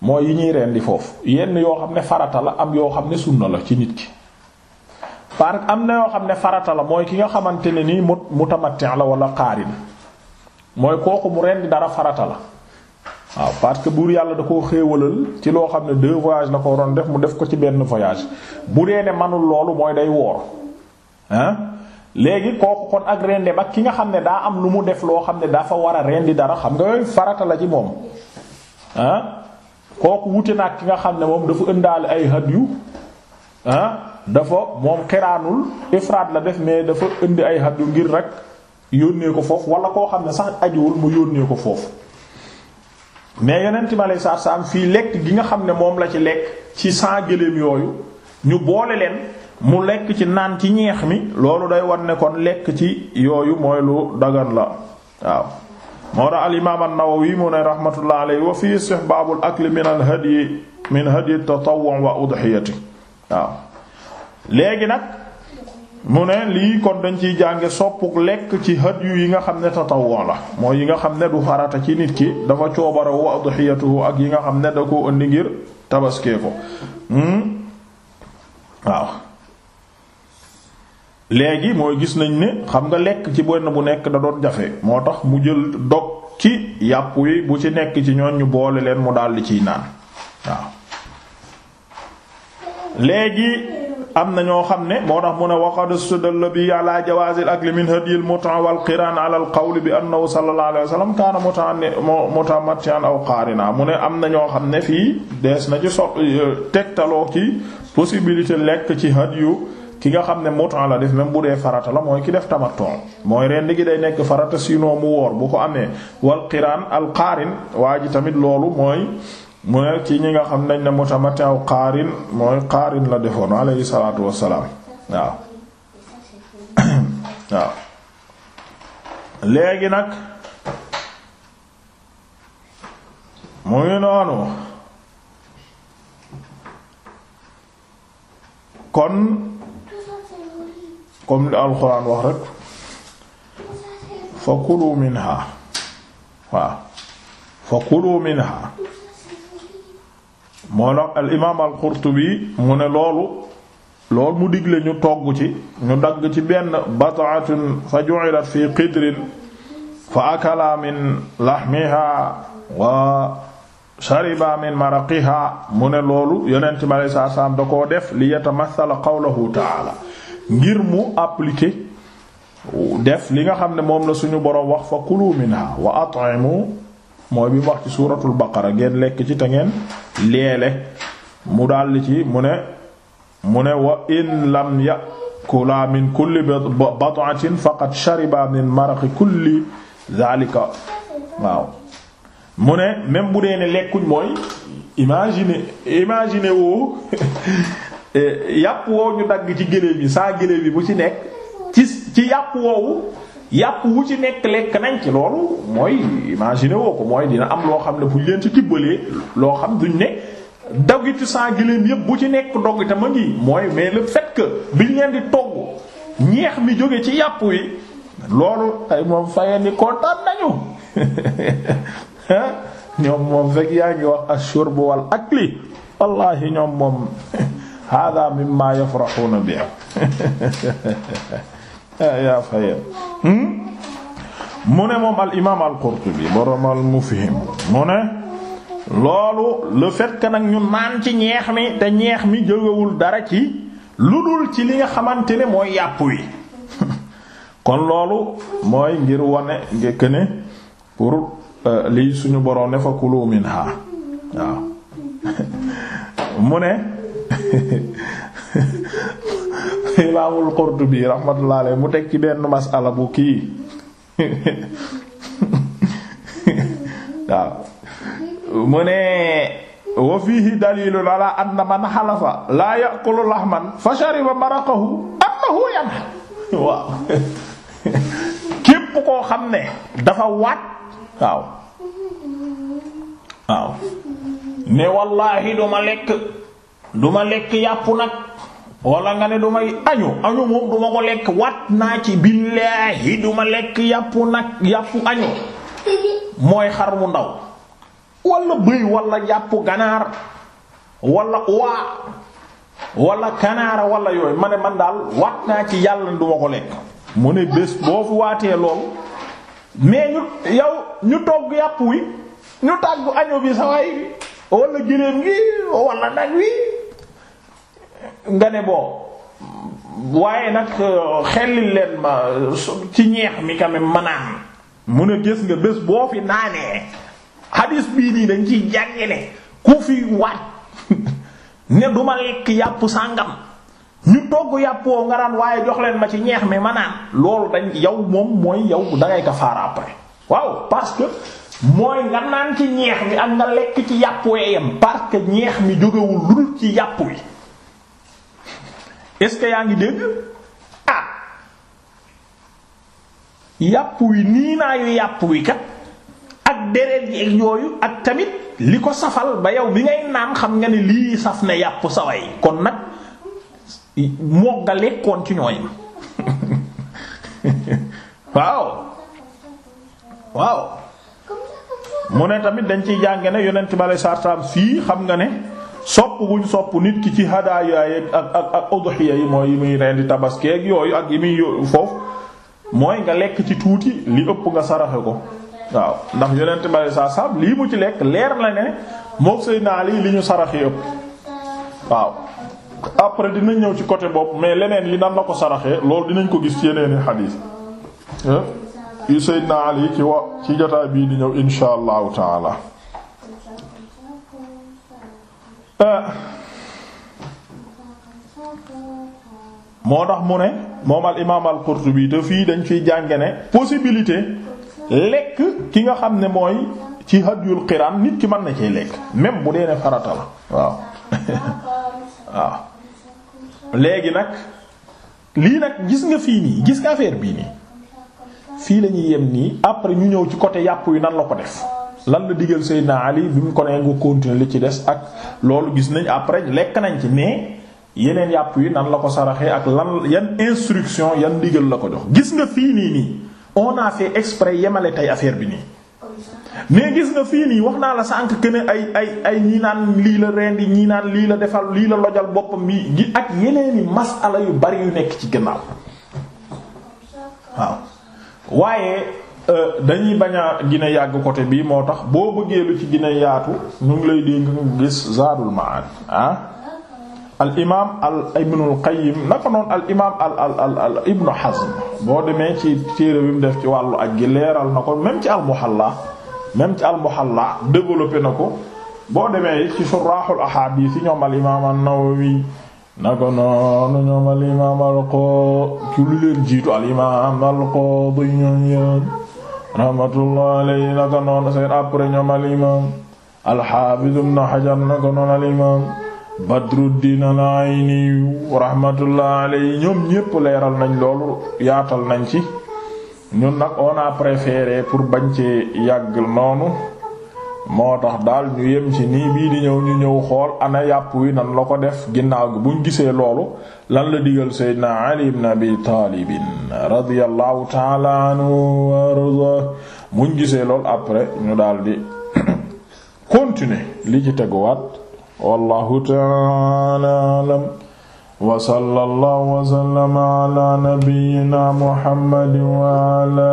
mooy yi ñuy rendi foofu yenn yoo xam ne farata la am yoo xam ne sunna la ci nit ki. par am na yoo xam ne farata la mooy ki nga xamante ne nii mu mutamatti la wala xaarin mooy kooku mu rendi dara farata la waaw parce que buur yàlla da koo xéewalal ci loo xam ne deux voyages la ko waroon def mu def ko ci benn voyage bu dee ne manul loolu mooy day woor ah léegi kooku kon ak rende ba ki nga xam ne daa am lu mu def loo xam ne dafa war a rendi dara xam nga yooyu farata la ci moom ah kooku wute naa ki nga xam ne moom dafa ëndaale ay hadyu ah dafa moom xiraanul ifraat la def mais dafa indi ay hadyu ngir rek yónnee ko foofu wala koo xam ne sax ajuwul mu yónnee ko foofu mais yonent bi aleyhi salaatu fii lekk gi nga xam ne moom la ci lekk ci saa gëléem yooyu ñu boole leen mu lekk ci naan ci ñeex mi loolu day war nekkoon lekk ci yooyu mooy lu dagan la waaw moo tax al imaam an-Nawawi mu ne rahmatullah alayhi wa fi istihbaabul akli min al hadyi min hadyi at-tatawwu wa udhiyati waaw léegi nag mu ne lii kon dañ ciy jànge soppuk lekk ci hadyu yi nga xam ne tatawwu la mooy yi nga xam ne du farata ci nit ki dafa coobara wa udhiyatuhu ak yi nga xam ne da koo indi ngir tabaskee ko hmm? waaw léegi mooy gis nañ ne xam nga lekk ci benn bu nekk da doon jafe moo tax mu jël dog ci yàpp wi bu ci nekk ci ñoon ñu boole leen mu daldi ciy naan waaw léegi am na ñoo xam ne moo tax mu ne waqad istadalla bi ala jawaazil akli min hadyil mut'a wal qiraan ala al qawl bi annahu sallallahu alayhi wa sallam kaana mutamatti'an aw qaarina mu ne am na ñoo xam ne fii dees na ci so tegtaloo ci possibilité lekk ci hadyu ki nga xam ne mut'a la def même bu dee farata la mooy ki def tamattu mooy rend gi day nekk farata sinon mu woor bu ko amee wal qiraan al qaarin waa ji tamit loolu mooy mu ne ci ñi nga xam nañ ne mutamatiw qaarin mooy qaarin la defoon alayhi salaatu wassalaam waaw waaw léegi nag mu ngi noonu kon comme li alxuraan wax rek fa kulu minha waaw fa kulu minha moo tax al imaam mu ne loolu loolu mu digle ñu togg ci ñu dagg ci benn bataatun fa ju'ilat fi qidrin fa akala min lahmiha wa shariba min maraqiha mu ne loolu yonent bi aley saa salaam da koo def li yatamathala qawluhu taala ngir mu appliquer def li nga xam ne moom la suñu boroom wax fa kulu minha wa at'imu mooy bi wax ci suuratul baqara ngeen lekk ci te ngeen leele mu daldi ci mu ne mu ne wa in lam yakula min kulli bat'atin faqad shariba min maraqi kulli zalika waaw mu ne même bu dee ne lekkuñ mooy imagine imagine woo eh, yàpp woo dagg ci gëléem yi saa gëléem yi bu ci nekk ci ci yàpp woowu yàpp wu ci nekk lekk nañ ci loolu mooy imaginer woo ko mooy dina am loo xam ne bu ñu leen ci tibbalee loo xam duñ ne dogitu saa giléem yépp bu ci nekk dog itam a ngi mooy mais le fait bi biñ di togg ñeex mi jóge ci yàpp wi loolu ay moom fayee ni kontaan nañu ñoom moom fekk yaa ngi wax ashurb wal akli wallahi ñoom moom hada mimma yafrahuna bi Eh, yaa fayal hmm? mu ne moom al imaam al Qurtubi borom al Mufhim mu ne loolu le fait que nag ñu naan ci ñeex mi te ñeex mi jógewul dara ci lu dul ci li nga xamante ne mooy yàpp wi kon loolu mooy ngir wone ngekk ne pour euh, lii suñu borom ne fa kulu minha waaw mu ne imaamul Qurtubi rahmatullah alayhi mu teg ci benn masala bu kii waaw mu ne wa fiihi dalilun ala anna man xalafa laa ya'kulu lahman fa shariba maraqahu annahu yanha waaw képp koo xam ne dafa waat waaw waaw ne wallaahi duma lekk duma lekk yàpp nag wala nga ne du may añu añu moom du ko lekk wat naa ci billaahi du ma lekk yàppu nag yàppu añu mooy xar mu ndaw wala bëy wala yàppu ganaar wala waa wala kanaara wala yooyu ma ne man daal wat naa ci yàlla du ma ko lekk mu ne bés boo fi waatee lool mais ñu yow ñu togg yàpp wi ñu tàggu añu bi sa waay wala gëléem gi wala nag wi nga ne boo waaye nag euh, xellil leen ma ci ñeex mi quand même mu ne gis nga bés boo fi naanee hadis bii nii dañ ci jànge ne ku fi waat ne du ma lekk yàpp sàngam ñu togg yàppoo nga naan waaye jox leen ma ci ñeex mi ma loolu dañ yow moom mooy yow dangay kafaara après waaw parce que mooy nga naan ci ñeex mi ak nga lekk ci yàpp yem parce que ñeex mi jógewul dul ci yàpp wi est-ce yaa ngi dégg ah yàpp wi nii naa yu yàpp wi kat ak deret yi ak yooyu ak tamit li ko safal ba yow bi ngay naan xam nga ne lii saf na yàpp saway kon nag moo nga lekkoon ci ñooy waaw waaw mu ne tamit dañ ciy jànge ne yonent bi aleyhi salaatu wa salaam fii xam nga ne sopp guñ sopp nit ki ci hadaaya ak ak ak udhiya yi mooy yi muy rendi tabaskeeg yooyu ak yi muy foofu mooy nga lekk ci tuuti li ëpp nga saraxe ko waaw ndax yonent bale saa saab lii mu ci lekk leer na ne mook Seydina Ali li ñu saraxe ëpp waaw après dinañ ñëw ci côté bopp mais leneen yi nan la ko saraxee loolu dinañ ko gis yeneeni yeneen i xadiis eh? yu Seydina Ali ci wa ci jotaay bii di ñëw insha allahu taala Euh, moo tax mu ne moom al imaam al te fii dañ fiy jànge ne possibilité lekk ki nga xam ne mooy ci hadyul qiraan nit ki mën na cee lekk même bu dee ne farata la waaw waaw léegi nag lii nag gis nga fii nii gis nga affaire bii nii fii lañuy yem nii après ñu ñëw ci côté yàpp yu nan la ko def lan la digal Seydina Ali bi mu ko nee nga continuer li ci des ak loolu gis nañ après lekk nañ ci mais yeneen yàpp yi nan la ko saraxee ak lan yan instruction yan digal la ko jox gis nga fii nii nii on a exprès yemale tey affaire bi nii. mais gis nga fii wax naa la sànq que ne ay ay ay ñii naan lii la rendi ñii naan lii la defal lii la lojal boppam bi gi ak yeneeni masala yu bari yu nekk ci gannaaw waaw waaye. Euh, dañuy bañ a gina yàgg côté bii moo tax boo bëggee lu ci gina yaatu ñu ngi lay dégg nga gis Zaadul Ma'aad ah. al imaam al Ibnul Qayyim naka noonu al imaam al boo demee ci téere def ci wàllu ak gi leeral na ko même ci al Muhalla même ci al Muhalla développé na ko boo demee ci shurahul ahadith yi ñoom al imaam an-Nawawi naka noonu rahmatullah alayhi naka noonu seen après ñoom al imam alxaafiz ibn Hajar naka noonu al imam Badruddin ayni rahmatullah alayhi ñoom ñépp leeral nañ loolu yaatal nañ ci ñun nag on a préféré pour bañ ci yàgg noonu moo tax daal ñu yem ci nii bii di ñëw ñu ñëw xool ana yàpp wi nan la ko def ginnaaw gi buñ gisee loolu lan la digal seydina ali ibn abi taalibin radiyallahu taala anhu wa arda buñ gisee loolu après ñu daal di li ci teguwaat wallahu taala alam wa sallallahu wa sallama ala nabiyyina muhammad wa ala